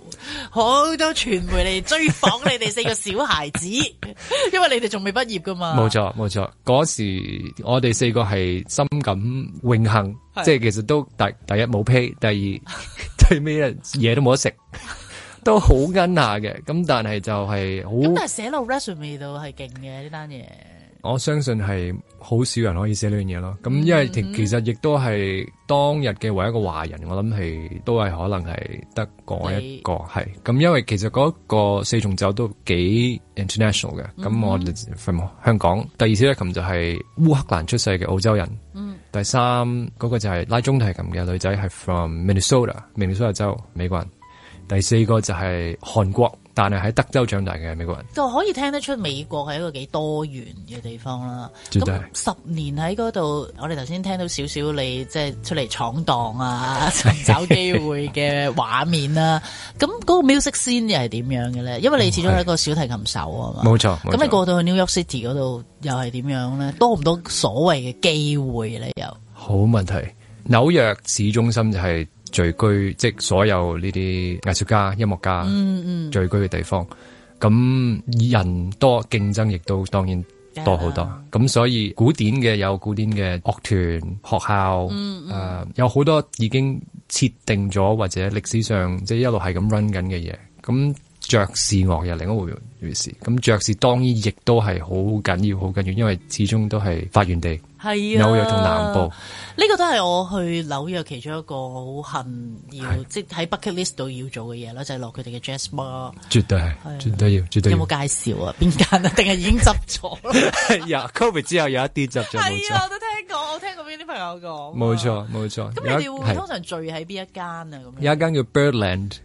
好多傳媒嚟追訪你哋四個小孩子， 因為你哋仲未畢業噶嘛。冇錯冇錯，嗰時我哋四個係深感榮幸，是即係其實都第第一冇 pay，第二最尾嘢都冇得食，都好恩下嘅。咁但係就係好，咁但係寫落 resume 度係勁嘅呢單嘢，我相信係。好少人可以寫呢樣嘢咯，咁因為其實亦都係當日嘅唯一一個華人，我諗係都係可能係得嗰一個係。咁因為其實嗰個四重奏都幾 international 嘅，咁我哋 from 香港，第二小提琴就係烏克蘭出世嘅澳洲人，嗯，第三嗰個就係拉中提琴嘅女仔係 from Minnesota，Minnesota 州美國人。第四個就係韓國，但係喺德州長大嘅美國人，就可以聽得出美國係一個幾多元嘅地方啦。對咁十年喺嗰度，我哋頭先聽到少少你即係、就是、出嚟闖蕩啊，尋找機會嘅畫面啦、啊。咁嗰 個 music scene 又係點樣嘅咧？因為你始終係一個小提琴手啊嘛。冇、嗯、錯，咁你過到去 New York City 嗰度又係點樣咧？多唔多所謂嘅機會咧？又好問題，紐約市中心就係、是。聚居即係所有呢啲藝術家、音樂家聚居嘅地方，咁、嗯嗯、人多競爭亦都當然多好多，咁、嗯、所以古典嘅有古典嘅樂團、學校，誒、嗯嗯呃、有好多已經設定咗或者歷史上即係一路係咁 run 緊嘅嘢，咁、嗯。爵士樂又另一回事，咁爵士當然亦都係好緊要、好緊要，因為始終都係發源地，紐約同南部。呢個都係我去紐約其中一個好恨要，即喺 bucket list 度要做嘅嘢啦，就係落佢哋嘅 jazz bar。絕對係，絕對要，絕對要。有冇介紹啊？邊間啊？定係已經執咗？係 COVID 之後有一啲執咗。係啊，我都聽過，我聽過邊啲朋友講。冇錯，冇錯。咁你哋會通常聚喺邊一間啊？咁樣，有一間叫 Birdland。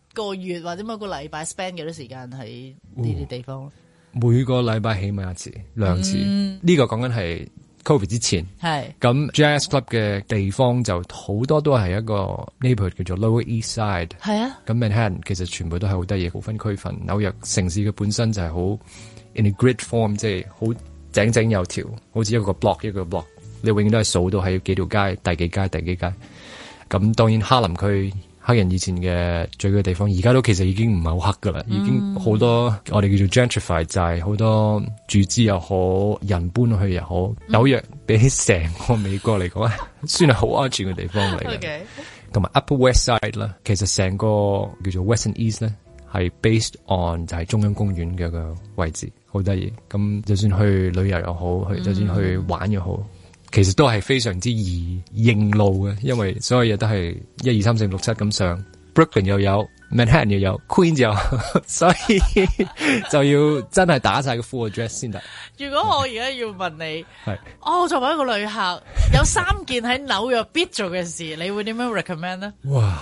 個月或者每個禮拜，spend 幾多時間喺呢啲地方？哦、每個禮拜起碼一次、兩次。呢、嗯、個講緊係 Covid 之前，係咁是 Jazz Club 嘅地方就好多都係一個 neighborhood 叫做 Lower East Side，係啊。咁 Manhattan 其實全部都係好得意，好分區分。紐約城市嘅本身就係好 in a grid form，即係好井井有條，好似一個 block 一個 block，你永遠都係數到喺幾條街、第幾街、第幾街。咁當然哈林區。黑人以前嘅聚居嘅地方，而家都其實已經唔係好黑噶啦，已經好多、嗯、我哋叫做 gentrify，就係好多注資又好，人搬去又好。紐約比起成個美國嚟講咧， 算係好安全嘅地方嚟嘅。同埋 Okay. Upper West Side 啦，其實成個叫做 West and East 咧，係 based on 就係中央公園嘅個位置，好得意。咁就算去旅遊又好，去就算去玩又好。嗯其實都係非常之易認路嘅，因為所有嘢都係一二三四五六七咁上。Brooklyn 又有，Manhattan 又有，Queen 又有，所以 就要真係打晒個 full address 先得。如果我而家要問你，是我作為一個旅客， 有三件喺紐約必做嘅事，你會點樣 recommend 呢？哇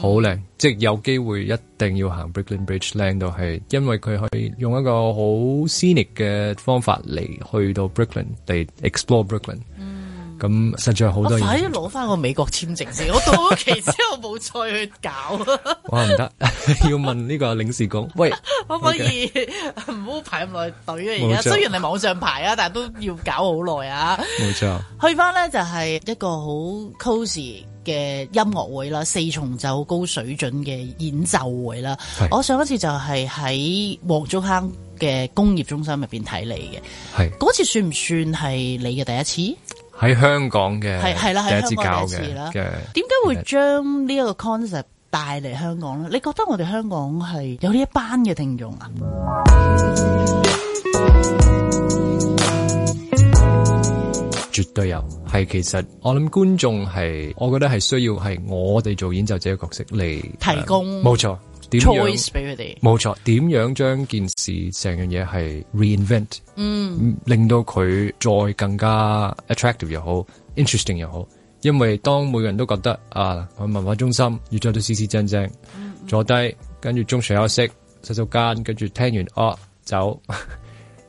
好靚、嗯，即係有機會一定要行 Brooklyn Bridge 靚到係，因為佢可以用一個好 scenic 嘅方法嚟去到 Brooklyn 嚟 explore Brooklyn、嗯。咁實在好多嘢，我快啲攞翻個美國簽證先， 我到期之後冇再去搞。哇唔得，要問呢個領事館。喂，可唔可以唔好 okay 排咁耐隊啊？而家錯雖然係網上排啊，但係都要搞好耐啊。冇錯錯，去翻咧就係、是、一個好 cosy。嘅音樂會啦，四重奏高水準嘅演奏會啦。是我上一次就係喺黃竹坑嘅工業中心入邊睇你嘅。係嗰是次算唔算係你嘅第一次喺香港嘅？係係啦，喺香港第一次啦。嘅點解會將呢一個 concept 帶嚟香港咧？你覺得我哋香港係有呢一班嘅聽眾啊？嗯嗯絕對有，係其實我諗觀眾係，我覺得係需要係我哋做演奏者嘅角色嚟提供、嗯，冇錯 choice 俾佢哋，冇錯，點樣將件事成樣嘢係 reinvent，嗯，令到佢再更加 attractive 又好，interesting 又好，因為當每個人都覺得啊，我文化中心要做到斯斯正正，坐低跟住中場休息，洗手間，跟住聽完啊走，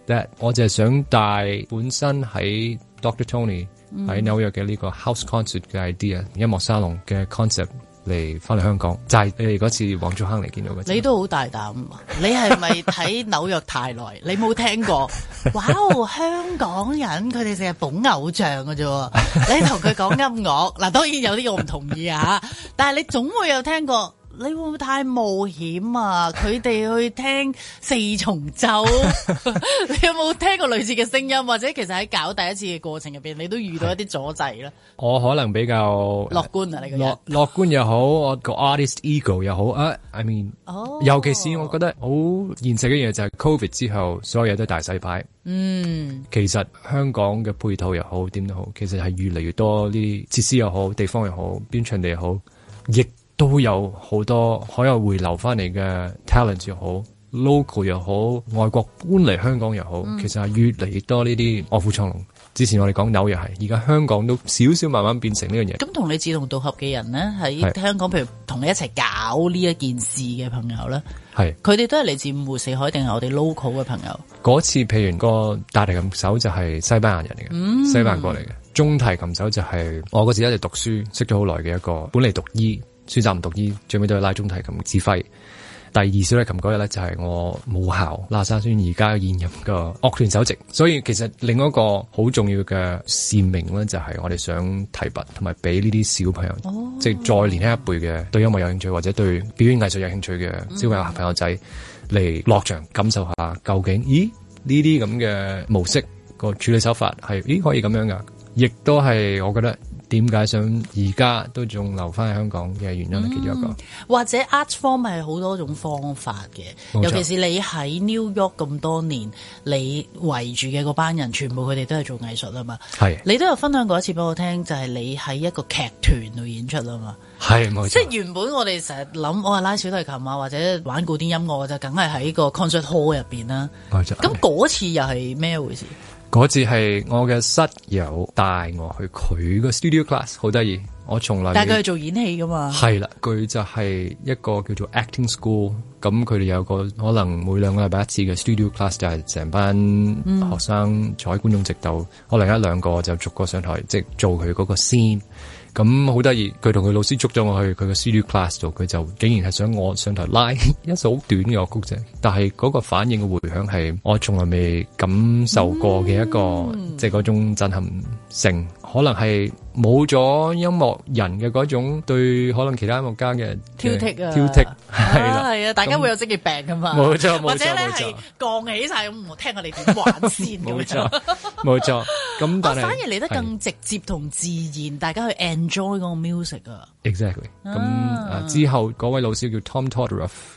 但 我就係想帶本身喺。Doctor Tony 喺、嗯、紐約嘅呢個 House Concert 嘅 idea，音樂沙龍嘅 concept 嚟翻嚟香港，就係你哋嗰次黃竹坑嚟見到嘅。你都好大膽啊！ 你係咪睇紐約太來？你冇聽過？ 哇！香港人佢哋淨係捧偶像嘅啫，你同佢講音樂嗱， 當然有啲我唔同意啊，但係你總會有聽過。你會唔會太冒險啊？佢哋 去聽四重奏， 你有冇聽過類似嘅聲音？或者其實喺搞第一次嘅過程入邊，你都遇到一啲阻滯咧？我可能比較樂觀啊，你樂樂觀又好，我個 artist ego 又好啊。Uh, I mean，哦，尤其是我覺得好現實嘅嘢就係 covid 之後，所有嘢都大洗牌。嗯，其實香港嘅配套又好，點都好，其實係越嚟越多呢啲設施又好，地方又好，邊場地又好，亦，都有好多海外回流翻嚟嘅 talent 又好 local，又好外國搬嚟香港又好，嗯、其實係越嚟越多呢啲臥虎藏龍。之前我哋講紐又係，而家香港都少少慢慢變成呢樣嘢。咁同你志同道合嘅人呢，喺香港，是譬如同你一齊搞呢一件事嘅朋友咧，係佢哋都係嚟自五湖四海，定係我哋 local 嘅朋友？嗰次譬如個大提琴手就係西班牙人嚟嘅，嗯、西班牙過嚟嘅。中提琴手就係我嗰時一直讀書識咗好耐嘅一個，本嚟讀醫。選擇唔讀醫，最尾都係拉中提琴指揮。第二小提琴嗰日咧就係、是、我母校喇沙村而家現任嘅樂團首席。所以其實另一個好重要嘅使命咧，就係、是、我哋想提拔同埋俾呢啲小朋友，哦、即係再年輕一輩嘅對音樂有興趣或者對表演藝術有興趣嘅小朋友仔嚟落場感受一下究竟，咦呢啲咁嘅模式個處理手法係咦可以咁樣噶？亦都係我覺得。點解想而家都仲留翻喺香港嘅原因？其中一個，嗯、或者 art form 係好多種方法嘅，錯尤其是你喺 New York 咁多年，你圍住嘅嗰班人全部佢哋都係做藝術啊嘛。的你都有分享過一次俾我聽，就係、是、你喺一個劇團度演出啦嘛。係，即係原本我哋成日諗，我、哦、係拉小提琴啊，或者玩古典音樂，就梗係喺個 concert hall 入面啦。咁嗰錯次又係咩回事？嗰次係我嘅室友帶我去佢個 studio class，好得意。我從來但佢係做演戲噶嘛，係啦。佢就係一個叫做 acting school，咁佢哋有個可能每兩個禮拜一次嘅 studio class，就係成班學生坐喺觀眾席度，可能、嗯、一兩個就逐個上台即、係、做佢嗰個 scene 咁好得意，佢同佢老師捉咗我去佢嘅 studio class 度，佢就竟然係想我上台拉一首好短嘅樂曲啫，但係嗰個反應嘅回響係我從來未感受過嘅一個，即係嗰種震撼性。可能係冇咗音樂人嘅嗰種，對可能其他音樂家嘅挑剔啊，挑剔係啦，係啊，大家會有職業病噶嘛，冇錯，或者你係降起晒，聽下我哋點玩先，冇錯，冇錯，咁但係反而嚟得更直接同自然，大家去 enjoy 嗰個 music 啊，exactly，咁啊之後嗰位老師叫 Tom Todoroff。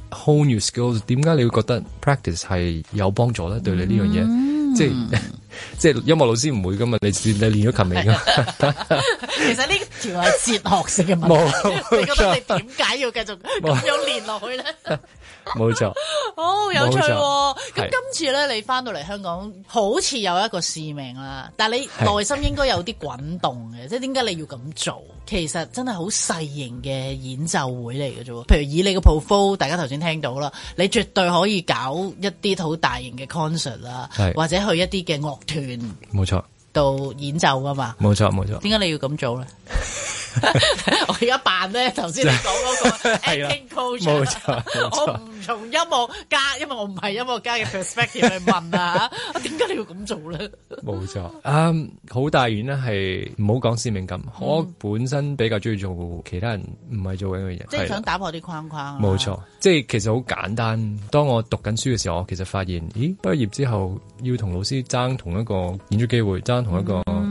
hone your skills，點解你會覺得 practice 係有幫助咧？對你呢樣嘢，即係即係音樂老師唔會噶嘛？你你練咗琴未噶、啊？ 其實呢條係哲學性嘅問題， 你覺得你點解要繼續咁樣練落去咧？ 冇錯，好、 哦、有趣、啊。咁今錯次咧，是你翻到嚟香港，好似有一個使命啦。但係你內心應該有啲滾動嘅，即係點解你要咁做？其實真係好細型嘅演奏會嚟嘅啫。譬如以你嘅 profile 大家頭先聽到啦，你絕對可以搞一啲好大型嘅 concert 啦，是或者去一啲嘅樂團。冇錯，到演奏噶嘛？冇錯冇錯。點解你要咁做咧？ 我而家扮咧，頭先你講嗰個 對 acting coach 冇錯，冇錯 我唔從音樂家，因為我唔係音樂家嘅 perspective 去問 啊，點解你要咁做咧？冇錯，好、嗯、大原呢係唔好講使命感，嗯、我本身比較中意做其他人，唔係做緊嘅人，即係想打破啲框框沒錯。冇錯，即係其實好簡單。當我讀緊書嘅時候，我其實發現，咦，畢業之後要同老師爭同一個演出機會，爭同一個。嗯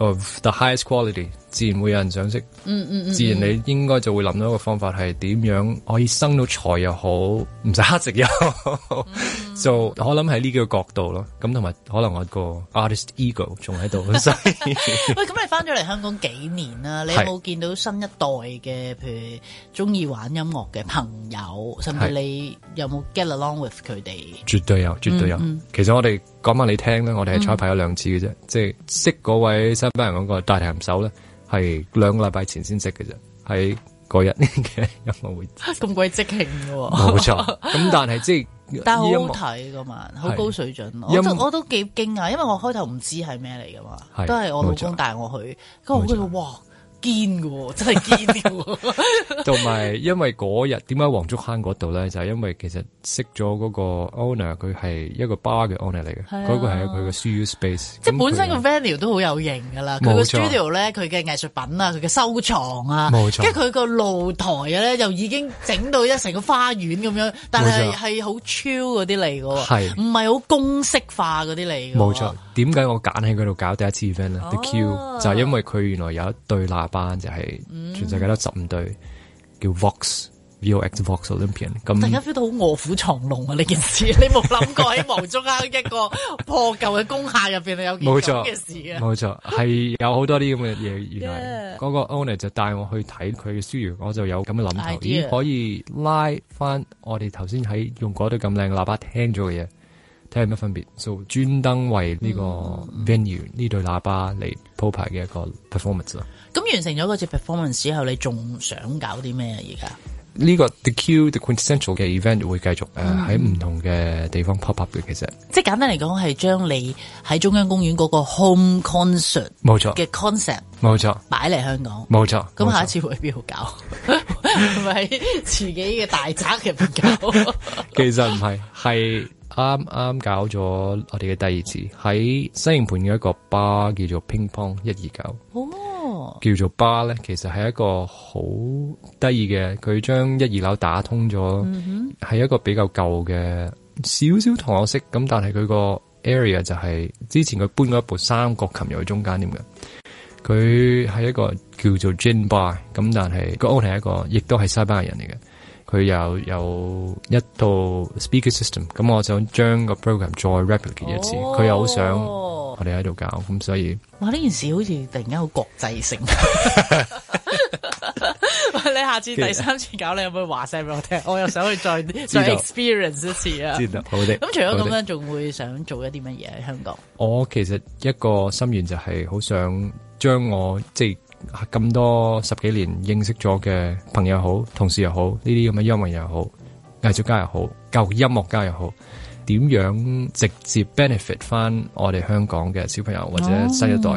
of the highest quality，自然會有人想識，嗯嗯，自然你應該就會諗到一個方法係點樣可以生到財又好，唔使黑食又，就我諗喺呢幾個角度咯。咁同埋可能我個 artist ego 仲喺度，喂，咁 你翻咗嚟香港幾年啦？是你有冇見到新一代嘅譬如中意玩音樂嘅朋友，是甚至你有冇 get along with 佢哋？絕對有，絕對有。嗯嗯、其實我哋講返你聽咧，我哋係彩排咗兩次嘅啫，嗯、即係識嗰位。俾人講過，大提琴手咧係兩個禮拜前先識嘅啫，係嗰日嘅音樂會，咁鬼即興噶喎，冇錯。咁但係即係，但係好好睇噶嘛，好高水準咯。我都我都幾驚訝，因為我開頭唔知係咩嚟噶嘛，都係我老公帶我去，咁我見到哇。堅嘅，真係堅嘅。同埋，因為嗰日點解黃竹坑嗰度咧，就係、是、因為其實識咗嗰個 owner，佢係一個 bar 嘅 owner 嚟嘅、啊，嗰個係佢嘅 studio space。即係本身個 venue 都好有型㗎啦，佢個 studio 咧，佢嘅藝術品啊，佢嘅收藏啊，冇跟住佢個露台啊咧，又已經整到一成個花園咁樣，但係係好 chill 嗰啲嚟嘅，唔係好公式化嗰啲嚟嘅。冇錯。點解我揀喺佢度搞第一次 event 咧、oh.？The Q 就係因為佢原來有一對喇叭，就係、是、全世界得十五對，mm. 叫 Vox、mm. 樣、Vox、Vox Olympian。咁大家 feel 到好臥虎藏龍啊！呢 件事你冇諗過喺無中生一個破舊嘅工廈入邊係有冇錯嘅事啊？冇錯錯，係 有好多啲咁嘅嘢。原來嗰 Yeah. 個 owner 就帶我去睇佢，雖然我就有咁嘅諗頭，Good idea. 咦可以拉翻我哋頭先喺用嗰對咁靚嘅喇叭聽咗嘅嘢。睇係乜分別？專登為呢個 venue 呢對喇叭嚟鋪排嘅一個 performance 咁完成咗嗰隻 performance 之後，你仲想搞啲咩啊？而家呢個 The Q The Quintessential 嘅 event 會繼續誒喺唔同嘅地方 pop up 嘅，其實即係簡單嚟講係將你喺中央公園嗰個 home concert 冇錯嘅 concept 冇錯擺嚟香港冇錯。咁下一次會喺邊度搞？係咪喺自己嘅大宅入邊搞？其實唔係係。啱啱搞咗我哋嘅第二次喺西營盤嘅一個 bar 叫做 Ping Pong 乒乓一二九。哦，叫做 bar 咧，其實係一個好得意嘅，佢將一二樓打通咗，係、嗯、哼一個比較舊嘅少少唐樓式。咁但係佢個 area 就係、是、之前佢搬咗一部三角琴入去中間點嘅。佢係一個叫做 Gin Bar，咁但係個 owner 係一個亦都係西班牙人嚟嘅。佢有有一套 speaker system，咁我想將個 program 再 replicate 一次。佢、哦、又好想我哋喺度搞，咁所以哇，呢件事好似突然間好國際性。 你下次第三次搞，實你有冇話聲俾我聽？我又想去再 道再 experience 一次啊！好啲咁除咗咁樣，仲的會想做一啲乜嘢喺香港？我其實一個心願就係好想將我即。咁多十幾年認識咗嘅朋友好，同事又好，呢啲咁嘅音樂又好，藝術家又好，教育音樂家又好。點樣直接 benefit 翻我哋香港嘅小朋友或者新一代？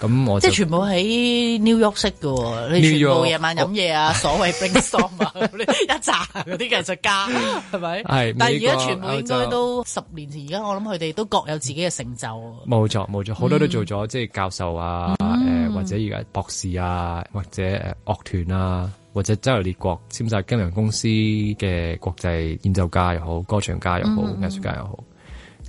咁我即係全部喺 New York 紐約識嘅，你全部夜晚飲嘢啊，所謂冰霜啊，一紮嗰啲藝術家係咪？係。但係而家全部應該都十年前，而家我諗佢哋都各有自己嘅成就。冇錯冇錯，好多都做咗即係教授啊，誒或者而家博士啊，或者樂團啊。或者周遊列國簽晒金融公司嘅國際演奏家又好，歌唱家又好，嗯、藝術家又好，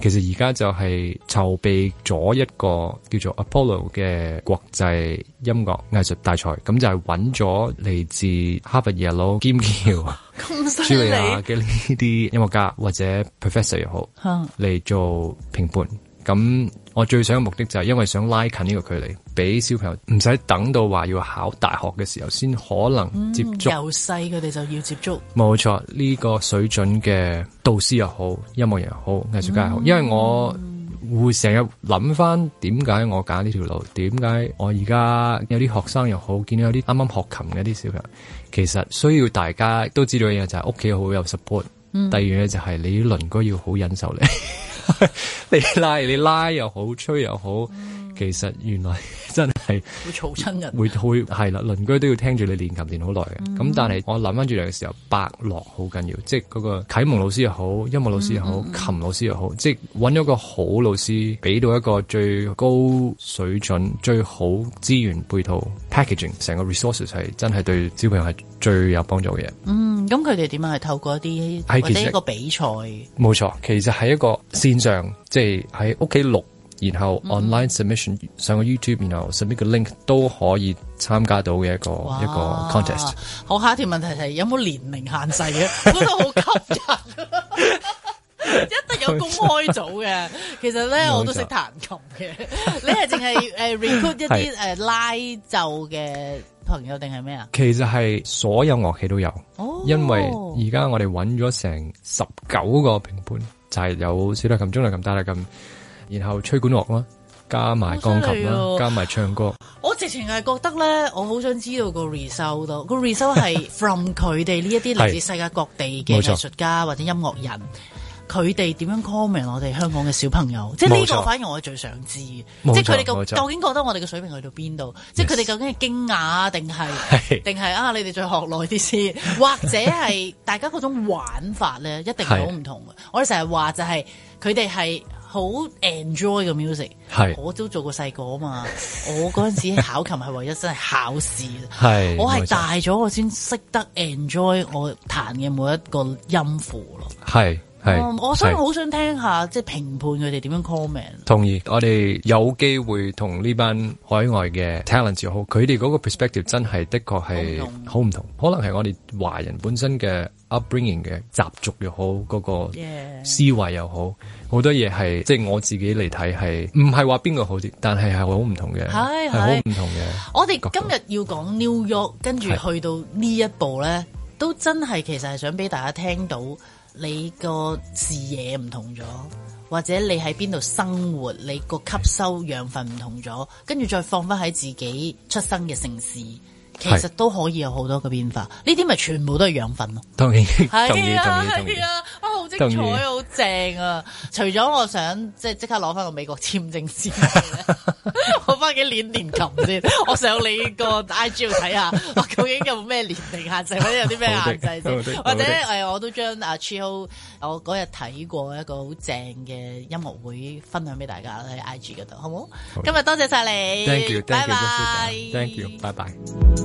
其實而家就係籌備咗一個叫做 Apollo 嘅國際音樂藝術大賽，咁就係揾咗嚟自哈佛、耶魯、劍橋、茱莉亞嘅呢啲音樂家或者 professor 又好嚟做評判。咁我最想嘅目的就係因為想拉近呢個距離，俾小朋友唔使等到話要考大學嘅時候先可能接觸，由細佢哋就要接觸。冇錯，呢、這個水準嘅導師又好，音樂人又好，藝術家又好。嗯、因為我會成日諗翻，點解我揀呢條路？點解我而家有啲學生又好，見到有啲啱啱學琴嘅啲小朋友，其實需要大家都知道嘅嘢就係屋企好有 support，、嗯、第二樣嘢就係你鄰居要好忍受你。 你拉，你拉又好，吹又好。其實原來真係會嘈親人會，會會係啦，鄰居都要聽住你練琴練好耐嘅。咁、嗯、但係我諗翻住嚟嘅時候，伯樂好緊要，即係嗰個啟蒙老師又好，嗯、音樂老師又好，嗯、琴老師又好，嗯、即係揾咗個好老師，俾到一個最高水準、最好資源配套、packaging 成個 resources 係真係對小朋友係最有幫助嘅嘢。嗯，咁佢哋點樣係透過一啲或者一個比賽，冇錯，其實係一個線上，嗯、即係喺屋企錄。然後 online submission 上個 YouTube 然後 submit 個 link 都可以參加到嘅一個一個 contest。好，下一條問題係有冇年齡限制嘅？覺得好吸引，一定有公開組嘅。其實咧我都識彈琴嘅，你係淨係誒 recruit 一啲誒拉奏嘅朋友定係咩啊？其實係所有樂器都有，因為而家我哋揾咗成十九個評判，就係有小提琴、中提琴、大提琴。然後吹管樂啦，加埋鋼琴啦，加埋唱歌。啊、唱歌我直情係覺得咧，我好想知道個 result。個 result 係 from 佢哋呢一啲嚟自世界各地嘅藝術家或者音樂人，佢哋點樣 comment 我哋香港嘅小朋友？即係呢個反而我係最想知。錯即係佢哋咁究竟覺得我哋嘅水平去到邊度？ 即係佢哋究竟係驚訝定係定係啊？你哋再學耐啲先，或者係大家嗰種玩法咧，一定係好唔同嘅。 我哋成日話就係佢哋係。好 enjoy 嘅 music，我都做過細個啊嘛，我嗰陣時考琴係唯一真係考試， 是我係大咗我先識得 enjoy 我彈嘅每一個音符咯，係。係，我好想聽下即係評判佢哋點樣 comment。同意，我哋有機會同呢班海外嘅 talent 又好，佢哋嗰個 perspective 真係的確係好唔同。同可能係我哋華人本身嘅 upbringing 嘅習俗又好，嗰個思維又好，好 Yeah. 多嘢係即係我自己嚟睇係唔係話邊個好啲，但係係好唔同嘅，係好唔同嘅。我哋今日要講 New York，跟住去到呢一步咧，都真係其實係想俾大家聽到。你個視野唔同咗，或者你喺邊度生活，你個吸收養分唔同咗，跟住再放翻喺自己出生嘅城市。其實都可以有好多嘅變化，呢啲咪全部都係養分咯。當然，係啊，係啊，哇，好精彩，好正啊！除咗我想即係即刻攞翻個美國簽證先，我翻幾練練琴先，我想你個 I G 要睇下，究竟有冇咩年齡限制或者有啲咩限制先，或者誒，我都將阿 Chill 我嗰日睇過一個好正嘅音樂會分享俾大家喺 I G 嗰度，好冇？好？今日多謝晒你，thank you，拜拜，thank you，拜拜。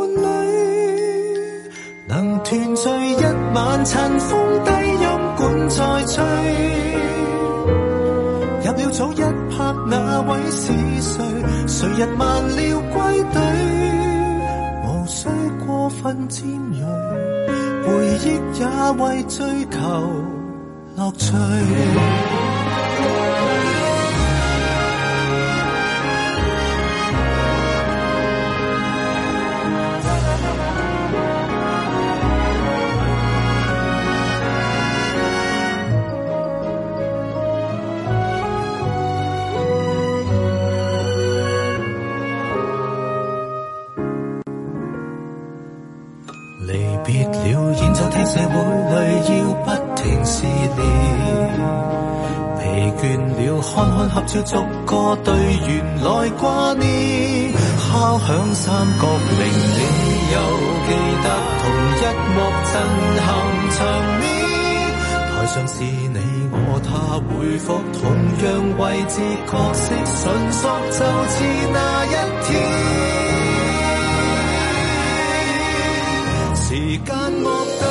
團聚一晚，塵封低音管再吹。入了早一拍，哪位是誰？誰人慢了歸隊？無需過分尖銳，回憶也為追求樂趣。叫逐個隊員來掛念，敲響三角鈴，你又記得同一幕震撼場面。台上是你我他，回復同樣位置角色，迅速就似那一天，時間莫。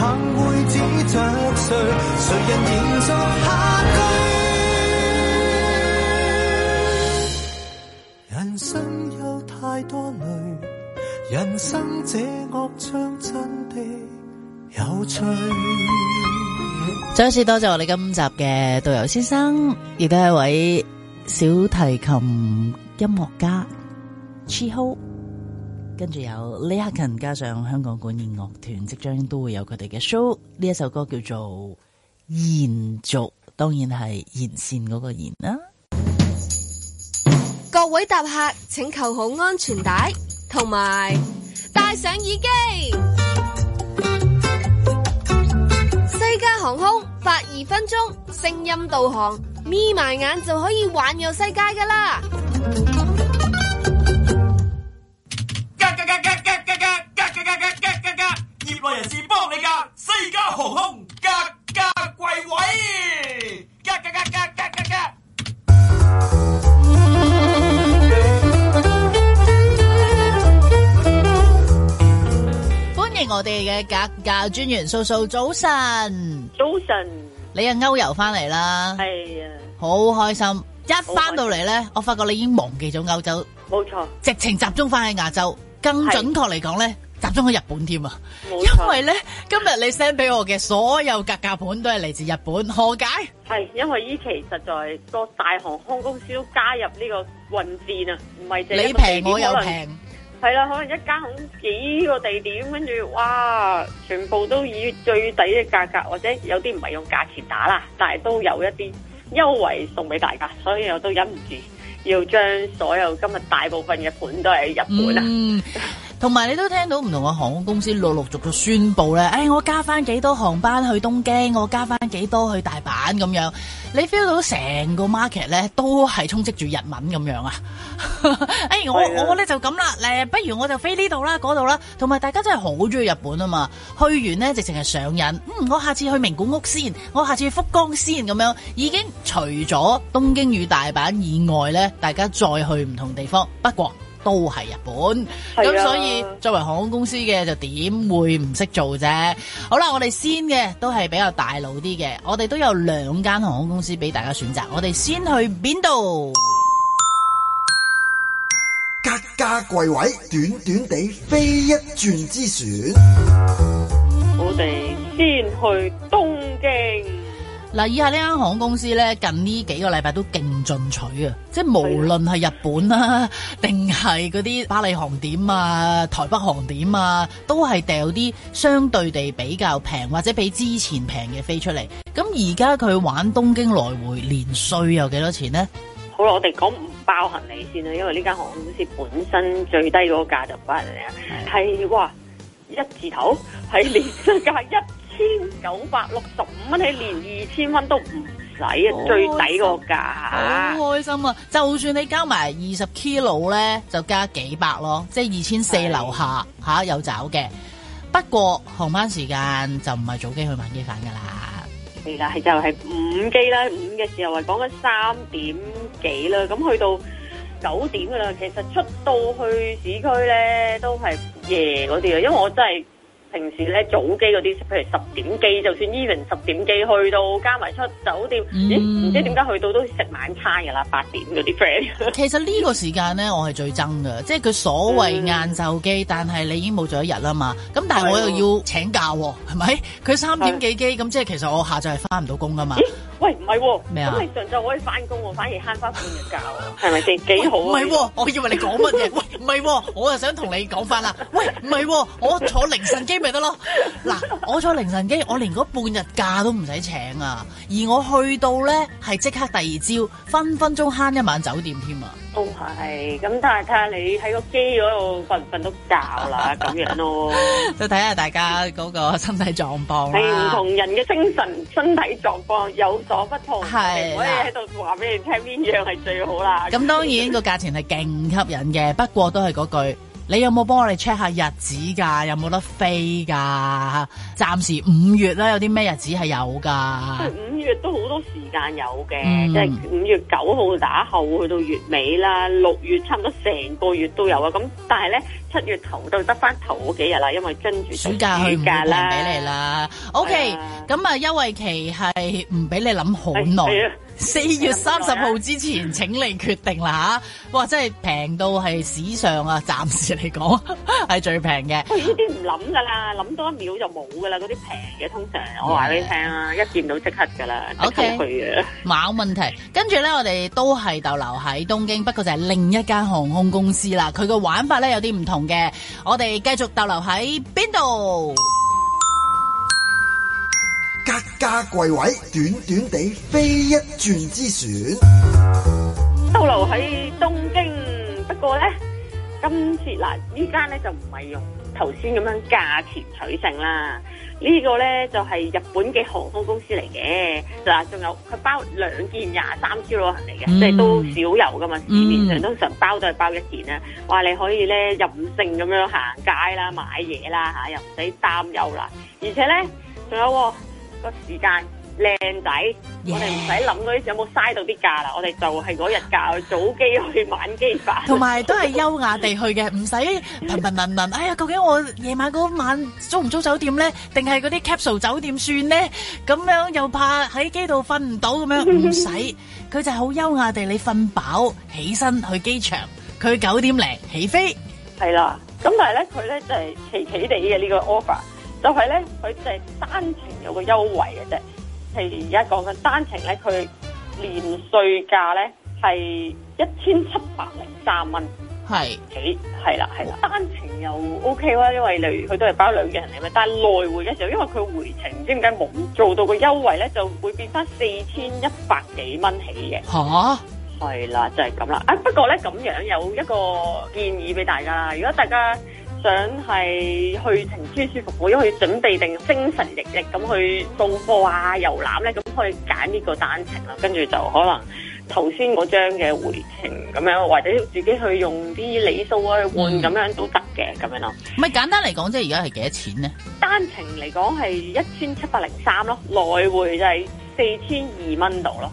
會只著誰，誰人真居人生有太多累，人生這樂唱真的有趣。再一次多謝我哋今集嘅導遊先生，亦都係一位小提琴音樂家，跟住有李克勤，加上香港管弦樂團，即將都會有佢哋嘅 show。呢一首歌叫做《延續》，當然係延綫嗰個延啦、啊。各位搭客，請扣好安全帶，同埋戴上耳機。西加航空發二分鐘聲音導航，眯埋眼就可以環遊世界噶啦。業內人士幫你噶，西加航空格價貴位，格格格格格格格。歡迎我哋嘅格價專員素素，早晨，早晨，你啊，歐遊翻嚟啦？係啊，好開心，一翻到嚟咧，我發覺你已經忘記咗歐洲，冇錯，直情集中翻喺亞洲，更準確嚟講咧。集中喺日本添啊！因為咧，今日你 send 俾我嘅所有格價盤都係嚟自日本，何解？係因為依期實在各大航空公司都加入呢個運戰啊，唔係淨係你平我有平，係啦，可能一間好幾個地點，跟住哇，全部都以最抵嘅價格，或者有啲唔係用價錢打啦，但係都有一啲優惠送俾大家，所以我都忍唔住要將所有今日大部分嘅盤都係日本啊！同埋你都聽到唔同嘅航空公司陸陸續續宣佈咧，誒、哎、我加翻幾多航班去東京，我加翻幾多去大阪咁樣，你 feel 到成個 market 咧都係充斥住日文咁樣啊？誒、 哎、我我咧就咁啦，不如我就飛呢度啦，嗰度啦，同埋大家真係好中意日本啊嘛，去完呢直情係上癮，嗯我下次去名古屋先，我下次去福岡先咁樣，已經除咗東京與大阪以外咧，大家再去唔同地方。不過都係日本，咁所以、啊、作為航空公司嘅就點會唔識做啫？好啦，我哋先嘅都係比較大路啲嘅，我哋都有兩間航空公司俾大家選擇，我哋先去邊度？格價貴位，短短地飛一轉之選，我哋先去東京。嗱，以下呢間航空公司咧，近呢幾個禮拜都勁進取啊！即係無論係日本啦，定係嗰啲巴黎航點啊、台北航點啊，都係掉啲相對地比較平或者比之前平嘅飛出嚟。咁而家佢玩東京來回，連稅有幾多錢呢？好啦，我哋講唔包行李先啦，因為呢間航空公司本身最低嗰個價就唔包行李，係嘩！一字頭係連價一千九百六十五蚊，你連二千蚊都唔使啊， 最抵個價，好開心啊！ 就算你加埋二十 kilo 咧，就加幾百咯，即係二千四樓下吓的、啊、有找嘅。不過航班時間就唔係早機去晚機返噶啦，係啦，係就係五機啦，五嘅時候係講緊三點幾啦，咁去到。九點噶啦，其實出到去市區咧，都係夜嗰啲啊，因為我真係。平時咧早機嗰啲，譬如十點機，就算 even 十點機去到加埋出酒店，咦？唔知點解去到都食晚餐噶啦，八點嗰啲 friend。其實呢個時間咧，我係最憎嘅，即係佢所謂晏晝機，但係你已經冇咗一日啦嘛。咁但係我又要請假喎，係咪？佢三點幾機咁，即係其實我下晝係翻唔到工噶嘛。喂，唔係咩啊？咁係上晝可以翻工喎，反而慳翻半日假喎，係咪先？幾好？唔係，我以為你講乜嘢？喂，唔係，我又想同你講翻啦。喂，唔係，我坐凌晨機。咪得咯！嗱， 我坐凌晨機，我連嗰半日假都唔使請啊，而我去到咧係即刻第二朝，分分鐘慳一晚酒店添啊！都係，咁睇下睇下你喺個機嗰度瞓唔瞓到覺啦，咁 樣咯，再睇下大家嗰個身體狀況，係唔同人嘅精神身體狀況有所不同，係我哋喺度話俾你聽邊樣係最好啦。咁 當然個價錢係勁吸引嘅，不過都係嗰句。你有冇幫我哋 check 下日子噶？有冇得飛噶？暫時五月啦，有啲咩日子係有噶？五月都好多時間有嘅，嗯、即係五月九號打後去到月尾啦，六月差唔多成個月都有啊。咁但係咧七月頭就得翻頭嗰幾日啦，因為跟住暑假去㗎啦，俾你啦。OK，咁啊優惠期係唔俾你諗好耐。哎四月三十號之前，請你決定啦吓！哇，真係平到係史上啊，暫時嚟講係最平嘅。呢啲唔諗噶啦，諗多一秒就冇噶啦。嗰啲平嘅通常我，我話俾你聽啊，一見到即刻噶啦，ok 刻去嘅。冇問題。跟住咧，我哋都係逗留喺東京，不過就係另一間航空公司啦。佢嘅玩法咧有啲唔同嘅。我哋繼續逗留喺邊度？格價貴位，短短地飛一轉之選，逗留喺東京。不過咧，今次嗱呢間咧就唔係用頭先咁樣價錢取勝啦。這個、呢個咧就係、是、日本嘅航空公司嚟嘅嗱，仲有佢包兩件廿三公斤行李嚟嘅，嗯、即係都少有噶嘛。市面上通常包都係包一件啦。哇、嗯啊，你可以咧任性咁樣行街啦，買嘢啦吓、啊，又唔使擔憂啦。而且咧，仲有。個時間靚仔，我哋唔使諗嗰啲事，有冇嘥到啲價啦？我哋就係嗰日價，早機去晚機返，同埋都係優雅地去嘅，唔使頻頻問問。哎呀，究竟我夜晚嗰晚租唔租酒店咧？定係嗰啲 capsule 酒店算咧？咁樣又怕喺機度瞓唔到，咁樣唔使。佢就係好優雅地，你瞓飽起身去機場，佢九點零起飛，係啦。咁但係咧，佢咧就係奇奇地嘅呢個 offer。就係咧，佢就係單程有個優惠嘅啫。譬如而家講緊單程咧，佢年稅價咧係一千七百零三蚊，係起，係啦，係啦。單程又 OK 啦，因為例如佢都係包兩個人嚟咩。但係來回嘅時候，因為佢回程唔知點解冇做到個優惠咧，就會變翻四千一百幾蚊起嘅。嚇，係啦，就係咁啦。啊，不過咧咁樣有一個建議俾大家啦，如果大家。想係去程舒舒服服，或者去準備定精神力力精神奕奕咁去送貨啊、遊覽咧，咁可以揀呢個單程啦。跟住就可能頭先嗰張嘅回程咁樣，或者自己去用啲里數啊換咁樣都得嘅咁樣咯。咪簡單嚟講，即係而家係幾多錢咧？單程嚟講係一千七百零三咯，來回就係四千二蚊度咯。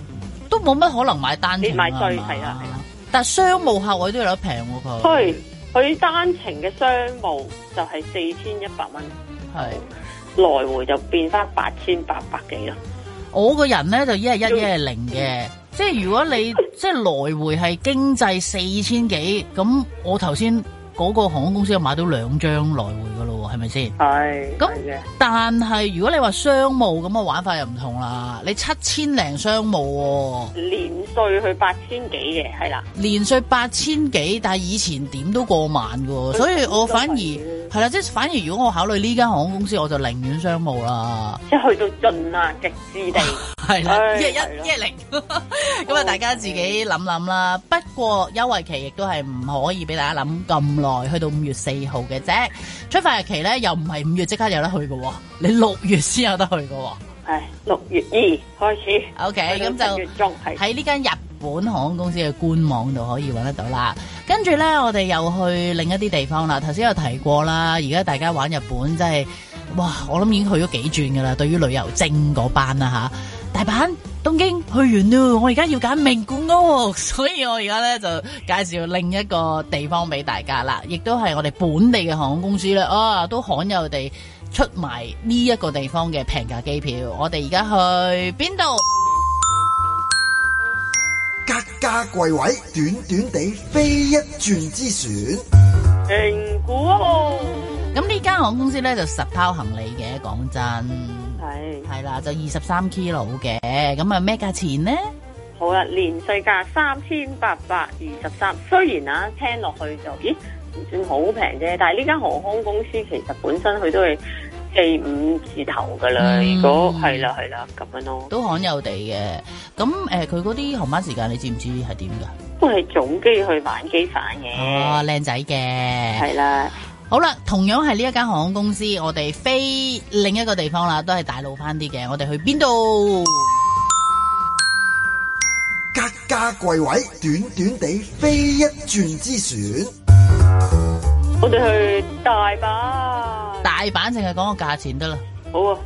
都冇乜可能買單程啊！買最係啦，係啦。但係商務客位都有得平喎，佢。佢單程嘅商務就係四千一百蚊，係是來回就變返八千八百幾啦。我個人咧就一係一，一係零嘅，即係如果你即係來回係經濟四千幾，咁我頭先。嗰個航空公司又買到兩張來回㗎咯，係咪先？係。咁但係如果你話商務咁嘅、那個、玩法又唔同啦，你七千零商務喎、哦，年稅去八千幾嘅係啦，年稅八千幾，但係以前點都過萬㗎喎，他們 所以我反而係啦，即係反而如果我考慮呢間航空公司，我就寧願商務啦，即係去到盡啊，極致地。 係啦，一一一零，咁啊， 就大家自己諗諗啦。Okay. 不過優惠期亦都係唔可以俾大家諗咁耐，去到五月四號嘅啫。出發日期咧又唔係五月即刻有得去嘅，你六月先有得去嘅。係六月二開始。O K，咁就喺呢間日本航空公司嘅官網度可以揾得到啦。的跟住咧，我哋又去另一啲地方啦。頭先有提過啦，而家大家玩日本真係哇，我諗已經去咗幾轉噶啦。對於旅遊精嗰班啦吓。大阪、東京去完咯，我而家要揀名古屋，所以我而家咧就介紹另一個地方俾大家啦，亦都係我哋本地嘅航空公司咧，啊都罕有地出埋呢一個地方嘅平價機票。我哋而家去邊度？格價櫃位，短短地飛一轉之選，名古屋。咁呢間航空公司咧就實拋行李嘅，講真。係啦，就二十三 kilo 嘅，咁啊咩價錢咧？好啦，連稅價三千八百二十三。雖然啊聽落去就咦唔算好平啫，但係呢間航空公司其實本身佢都係四五字頭噶啦。如果係啦係啦咁樣咯，都罕有地嘅。咁誒，佢嗰啲航班時間你知唔知係點噶？都係早機去晚機返嘅，哦，靚仔嘅，係啦。好啦，同樣係呢一間航空公司，我哋飛另一個地方啦，都係大路翻啲嘅。我哋去邊度？格價貴位，短短地飛一轉之船。我哋去大阪。大阪淨係講個價錢得啦。好啊。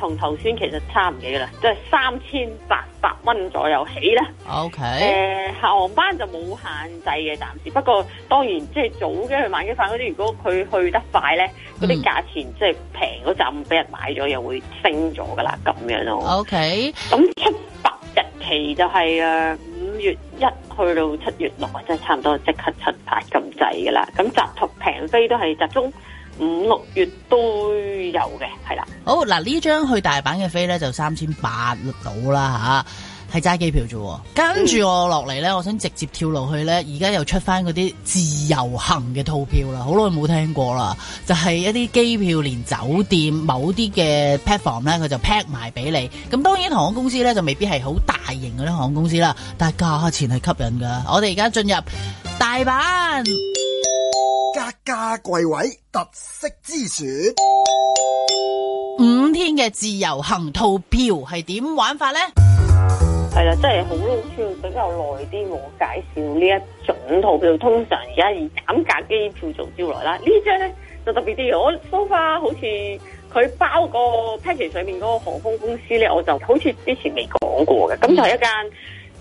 同頭先其實差唔幾啦，即係三千八百蚊左右起啦。OK，誒、呃，下航班就冇限制嘅暫時，不過當然即係早嘅去買機票嗰啲，如果佢去得快咧，嗰啲價錢、mm. 即係平嗰陣俾人買咗，又會升咗噶啦，咁樣咯。OK，咁出發日期就係五月一去到七月六，即、就、係、是、差唔多即刻出發咁滯噶啦。咁集圖平飛都係集中。五六月都有嘅，係啦。好嗱，呢張去大阪嘅飛呢，就三千八到啦吓，係揸機票啫。跟住我落嚟呢，我想直接跳落去呢。而家又出翻嗰啲自由行嘅套票啦，好耐冇聽過啦。就係、是、一啲機票連酒店某啲嘅 platform 呢，佢就 pack 埋俾你。咁當然航空公司呢，就未必係好大型嗰啲航空公司啦，但係價錢係吸引噶。我哋而家進入。大阪格價貴位，特色之選，五天嘅自由行套票係點玩法咧？係啦，真係好老超，比較耐啲。我介紹呢一種套票，通常而家以減價機票做招來啦。張呢張咧就特別啲，我 so far，好似佢包個 package 上面嗰個航空公司咧，我就好似之前未講過嘅，咁就係一間。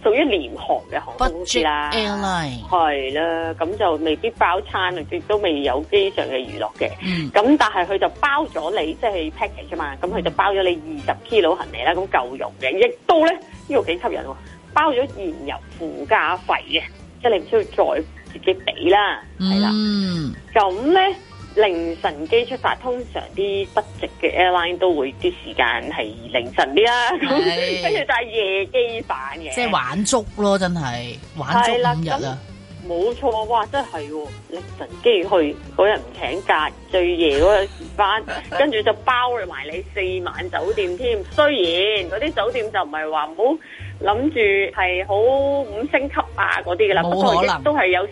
屬於廉航嘅航空公司啦，係啦 Budget ally.，咁就未必包餐亦都未有機上嘅娛樂嘅。咁、mm. 但係佢就包咗你，即、就、係、是、package 嘛，咁佢就包咗你二十 kilo 行李啦，咁夠用嘅。亦都咧呢個幾吸引喎，包咗燃油附加費嘅，即、就、係、是、你唔需要再自己俾啦，係啦、mm.。咁咧。凌晨機出發，通常啲 budget 嘅 airline 都會啲時間係凌晨啲啦，跟住就係夜機返嘅。即係玩足咯，真係玩足五日啊！冇錯，哇！真係凌晨機去嗰日唔請假，最夜嗰陣時返，跟住就包埋你四晚酒店添。雖然嗰啲酒店就唔係話唔好諗住係好五星級啊嗰啲噶啦，不過亦都係有市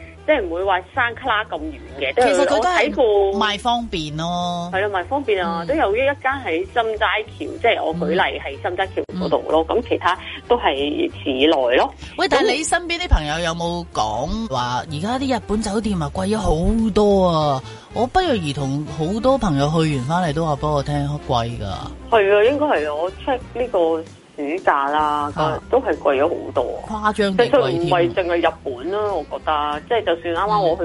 內。即係唔會話山卡拉咁遠嘅，即係我睇過，賣方便咯，係啊，賣方便啊，嗯、都有一間喺心齋橋，即、就、係、是、我舉例喺、嗯、心齋橋嗰度咯，咁、嗯、其他都係市內咯。喂，但係你身邊啲朋友有冇講話？而家啲日本酒店啊，貴咗好多啊！我不約而同好多朋友去完翻嚟都話，畀我聽好貴噶。係啊，應該係我 check 呢、這個。暑假啦，都係貴咗好多，誇張啲貴添。即係唔係淨係日本啦，我覺得，即係就算啱啱我去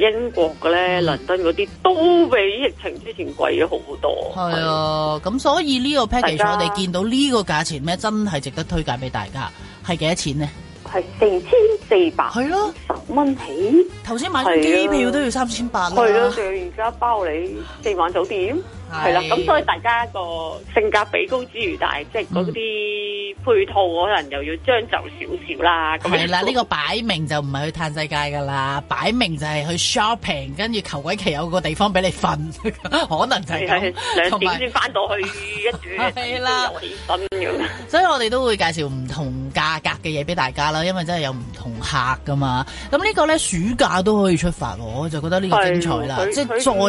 完英國嘅咧，倫、嗯、敦嗰啲都比疫情之前貴咗好多。係啊，咁是所以呢個 package 家我哋見到呢個價錢咧，真係值得推介俾大家。係幾多錢咧？係四千四百，係咯、啊，十蚊起。頭先買機票都要三千八啦，係咯、啊，而家包你四晚酒店。係啦，咁所以大家個性價比高之餘，但係即係嗰啲配套可能又要將一點就少少啦。係啦，呢、呢個擺明就唔係去嘆世界噶啦，擺明就係去 shopping，跟住求鬼其有個地方俾你瞓，可能就係兩點先翻到去一煮，一住係啦，所以我哋都會介紹唔同價格嘅嘢俾大家啦，因為真係有唔同客噶嘛。咁呢個咧暑假都可以出發，我就覺得呢個精彩啦，是即係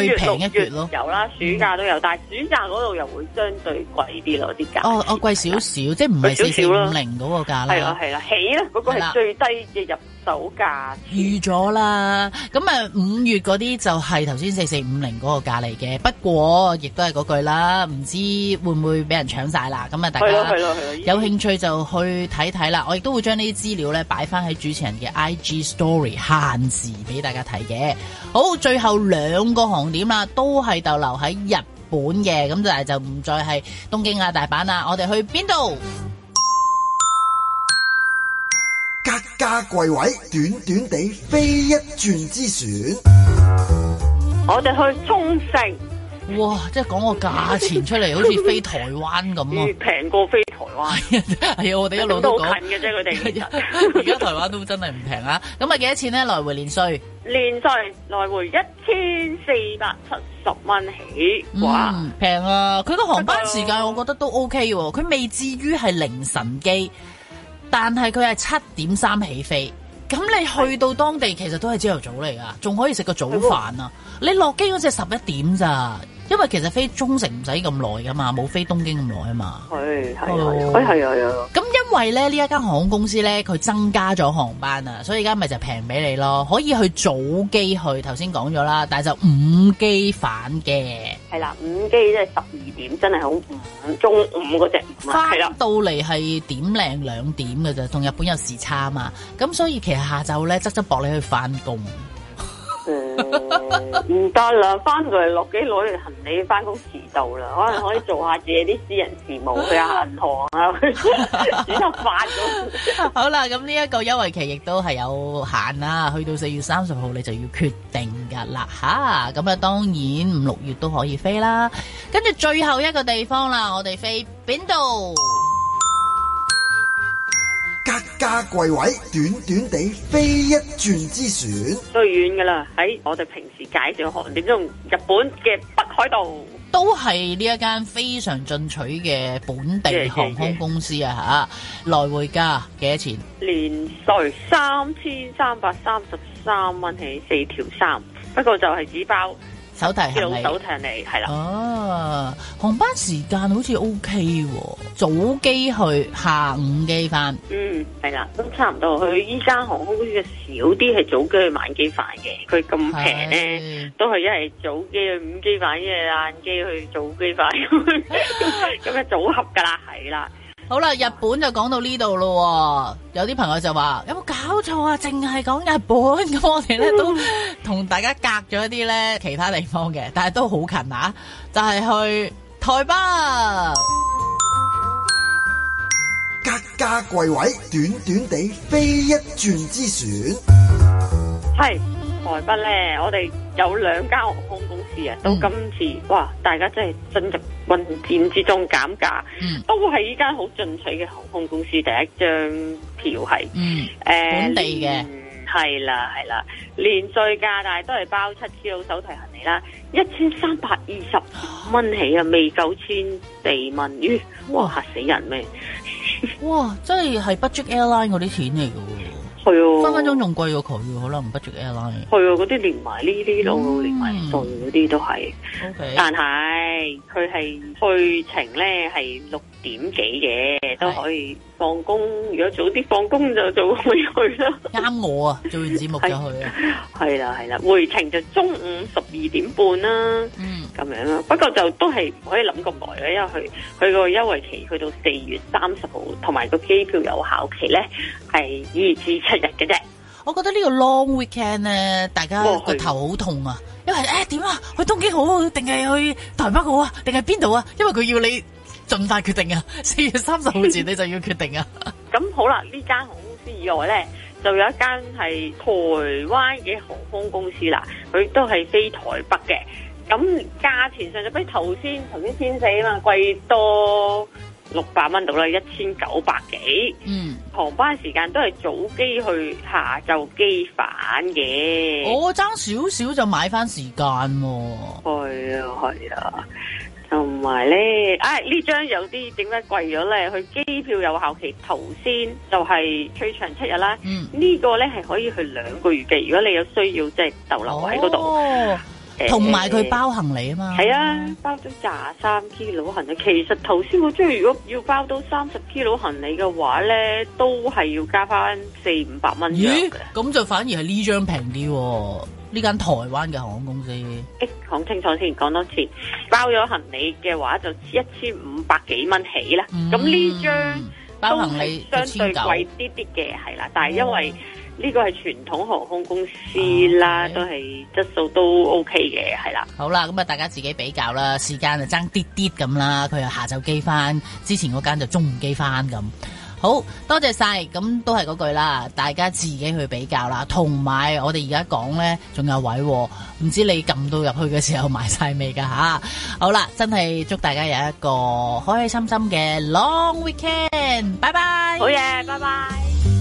再平一月咯。有啦，暑假都但係暑假嗰度又會相對貴啲咯，啲價哦哦，貴少少，即係唔係四四五零嗰個價啦，係啦係啦，起咧嗰、那個係最低嘅入。到價預咗啦，咁啊五月嗰啲就係頭先四四五零嗰個價嚟嘅，不過亦都係嗰句啦，唔知會唔會俾人搶晒啦，咁啊大家有興趣就去睇睇啦，我亦都會將呢啲資料咧擺翻喺主持人嘅 I G Story 限時俾大家睇嘅。好，最後兩個航點啦，都係逗留喺日本嘅，咁但係就唔再係東京啊大阪啦，我哋去邊度？家價櫃位，短短地飛一轉之選。我哋去沖繩，哇！即係講個價錢出嚟， 好似飛台灣咁咯，平過飛台灣。係啊， 我哋一路都講。都近嘅啫，佢哋而家台灣都真係唔平啊！咁啊，幾多錢咧？來回連稅，連稅來回一千四百七十蚊起。哇、嗯，平啊！佢個航班時間，我覺得都 OK 喎、啊。佢未至於係凌晨機。但係佢係七點三起飛，咁你去到當地其實都係朝頭早嚟㗎，仲可以食個早飯啊。的你落機嗰時係十一點咋，因為其實飛中城唔使咁耐㗎嘛，冇飛東京咁耐啊嘛。係係的，啊、oh，係啊，有咁，因為咧呢一間航空公司咧佢增加咗航班啊，所以而家咪就平俾你咯，可以去早機去，頭先講咗啦，但係就五機返嘅。係啦，五機即係十二點，真係好五中午嗰隻，係啦，到嚟係點零兩點嘅啫，同日本有時差啊嘛。咁所以其實下晝呢，側側膊你去返工，唔得啦，翻嚟，落機攞完行李，翻工遲到啦，可能可以做下自己啲私人事務，去下銀行啊， 煮下飯咁。好啦，咁呢一個優惠期亦都係有限啦，去到四月三十號你就要決定噶啦，吓咁啊，當然五六月都可以飛啦。跟住最後一個地方啦，我哋飛邊度？格價貴位，短短地飛一轉之船最遠噶啦。喺我哋平時介紹航點用日本嘅北海道都係呢一間非常進取嘅本地航空公司啊！吓，來回價幾多錢？連稅三千三百三十三蚊起，四條衫。不過就係只包。手提係啦哦，航班時間好似 O K 喎，早機去，下午機翻。嗯，係啦，咁差唔多。佢依家航空好似少啲係早機去，晚機翻嘅。佢咁平咧，的都係一係早機去，午機翻，一係晏機去，早機翻，咁嘅 組合噶啦，係啦。好啦，日本就講到呢度咯，有啲朋友就話有冇搞錯啊淨係講日本，咁 我哋咧都同大家隔咗一啲咧其他地方嘅，但係都好近啊，就係、是、去台北，隔家貴位，短短地飛一轉之船，係。台北咧，我哋有兩間航空公司啊，到今次、嗯、哇，大家真係進入混戰之中減價，減價、嗯，都係依間好進取嘅航空公司，第一張票係誒、嗯呃、本地嘅，係啦係啦，連稅價，但係都係包七支到手提行李啦，一千三百二十蚊起啊，未夠千四蚊於：「哇吓死人咩？哇，哇 真係係 Budget Airline 嗰啲錢嚟嘅喎。去分分鐘仲貴過佢，可能 budget airline，去嗰啲連埋呢啲路，連埋稅嗰啲都係。但係佢係去程咧，係六點幾嘅，都可以放工。如果早啲放工就就會去啦。啱我啊，做完節目就去。係啦係啦，回程就中午十二點半啦。嗯，咁樣啦。不過就都係唔可以諗咁耐嘅，因為佢佢個優惠期去到四月三十號，同埋個機票有效期咧係以至一日嘅啫，嗯、姐姐我覺得呢個 long weekend 咧，大家個頭好痛啊，哦、係因為誒點、欸、啊，去東京好定係去台北好啊，定係邊度啊？因為佢要你盡快決定啊，四月三十號前你就要決定啊。咁 好啦，呢間航空公司以外咧，就有一間係台灣嘅航空公司啦，佢都係飛台北嘅，咁價錢上就比頭先頭先千四啊嘛貴多。六百蚊到啦，一千九百幾。1, 嗯，航班時間都係早機去下機，下晝機返嘅。我爭少少就買翻時間，哦。係啊係啊，同埋咧，唉呢張，哎，有啲點解貴咗咧？佢機票有效期頭先就係最長七日啦。嗯，個呢個咧係可以去兩個月嘅。如果你有需要，即、就、係、是、逗留喺嗰度。哦同埋佢包行李啊嘛，係、欸欸、啊，包咗廿三 K 老行李。其實頭先我中意如果要包到三十 K 老行李嘅話咧，都係要加返四五百蚊。咦？咁就反而係呢張平啲喎，呢間、嗯、台灣嘅航空公司。講、欸、清楚先，講多次，包咗行李嘅話就一千五百幾蚊起啦。咁呢張包行李相對貴啲啲嘅係啦，但係因為、嗯。.呢個係傳統航空公司啦，oh, right. 都係質素都 OK 嘅，係啦。好啦，咁啊，大家自己比較啦，時間就爭啲啲咁啦。佢又下晝機翻，之前嗰間就中午機翻咁。好多謝晒，咁都係嗰句啦，大家自己去比較啦。同埋我哋而家講呢，仲有位，唔知你撳到入去嘅時候買晒未噶吓？好啦，真係祝大家有一個開開心心嘅 Long Weekend，拜拜。好嘢，oh yeah，拜拜。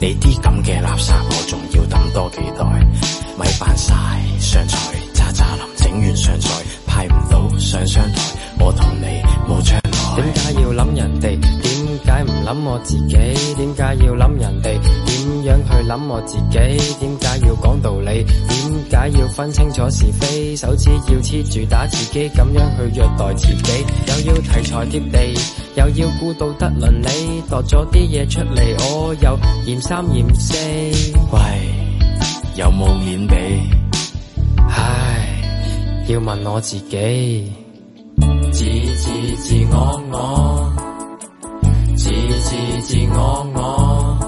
你啲咁嘅垃圾，我仲要等多幾代，咪扮曬上菜渣渣林，整完上菜派唔到上上台，我同你冇窗台。點解要諗人哋？點解唔諗我自己？點解要諗人哋？樣去諗我自己，點解要講道理，點解要分清楚是非，手指要黐住打自己，咁樣去虐待自己，又要題材貼地，又要顧道德倫理，度咗啲嘢出嚟，我又嫌三嫌四，喂，有冇面俾？唉，要問我自己，自自自我我，自自自我我。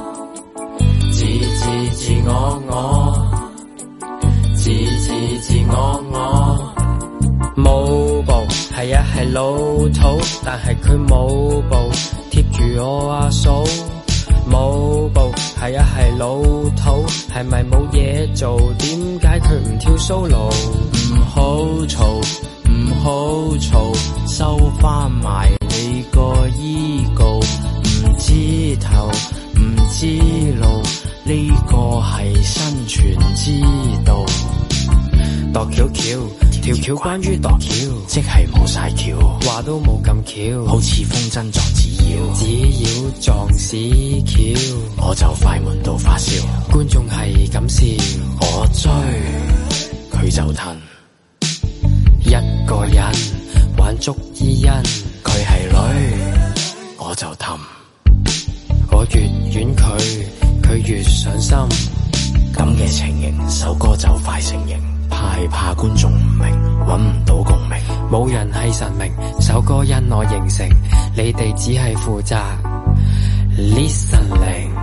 自自我、呃、我、呃，自自自我、呃、我、呃。舞步係呀係老土，但係佢舞步貼住我阿嫂。舞步係呀係老土，係咪冇嘢做？點解佢唔跳 solo？唔好嘈，唔好嘈，收翻埋你個衣告。唔知頭，唔知路。呢個係生存之道，度橋橋，條橋關於度橋，即係冇晒橋，話都冇咁橋，好似風箏撞紙鷂，紙鷂撞屎橋，我就快悶到發燒。觀眾係咁笑，我追，佢就吞。一個人玩捉伊人，佢係女，我就氹。我越遠佢，佢越上心。咁嘅情形，首歌就快成型，怕係怕觀眾唔明，搵唔到共鳴。冇人係神明，首歌因我形成，你哋只係負責 listening。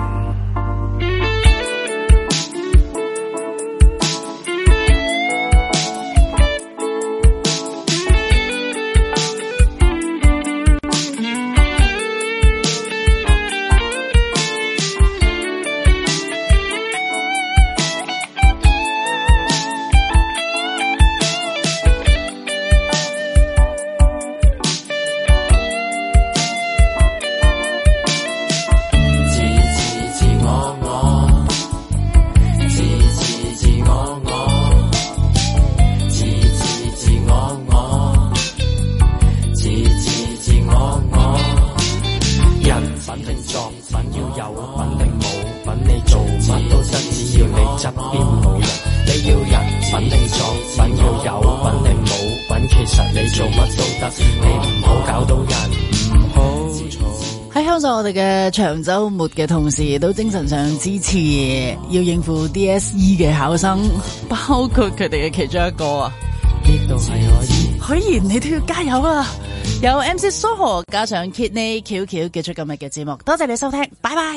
我哋嘅長周末嘅同時，都精神上支持要應付 DSE 嘅考生，包括佢哋嘅其中一個，啊。呢度係我，許然你都要加油啊！ 有 MC 蘇荷加上 Kidney Q Q，結束今日嘅節目，多謝你收聽，拜拜。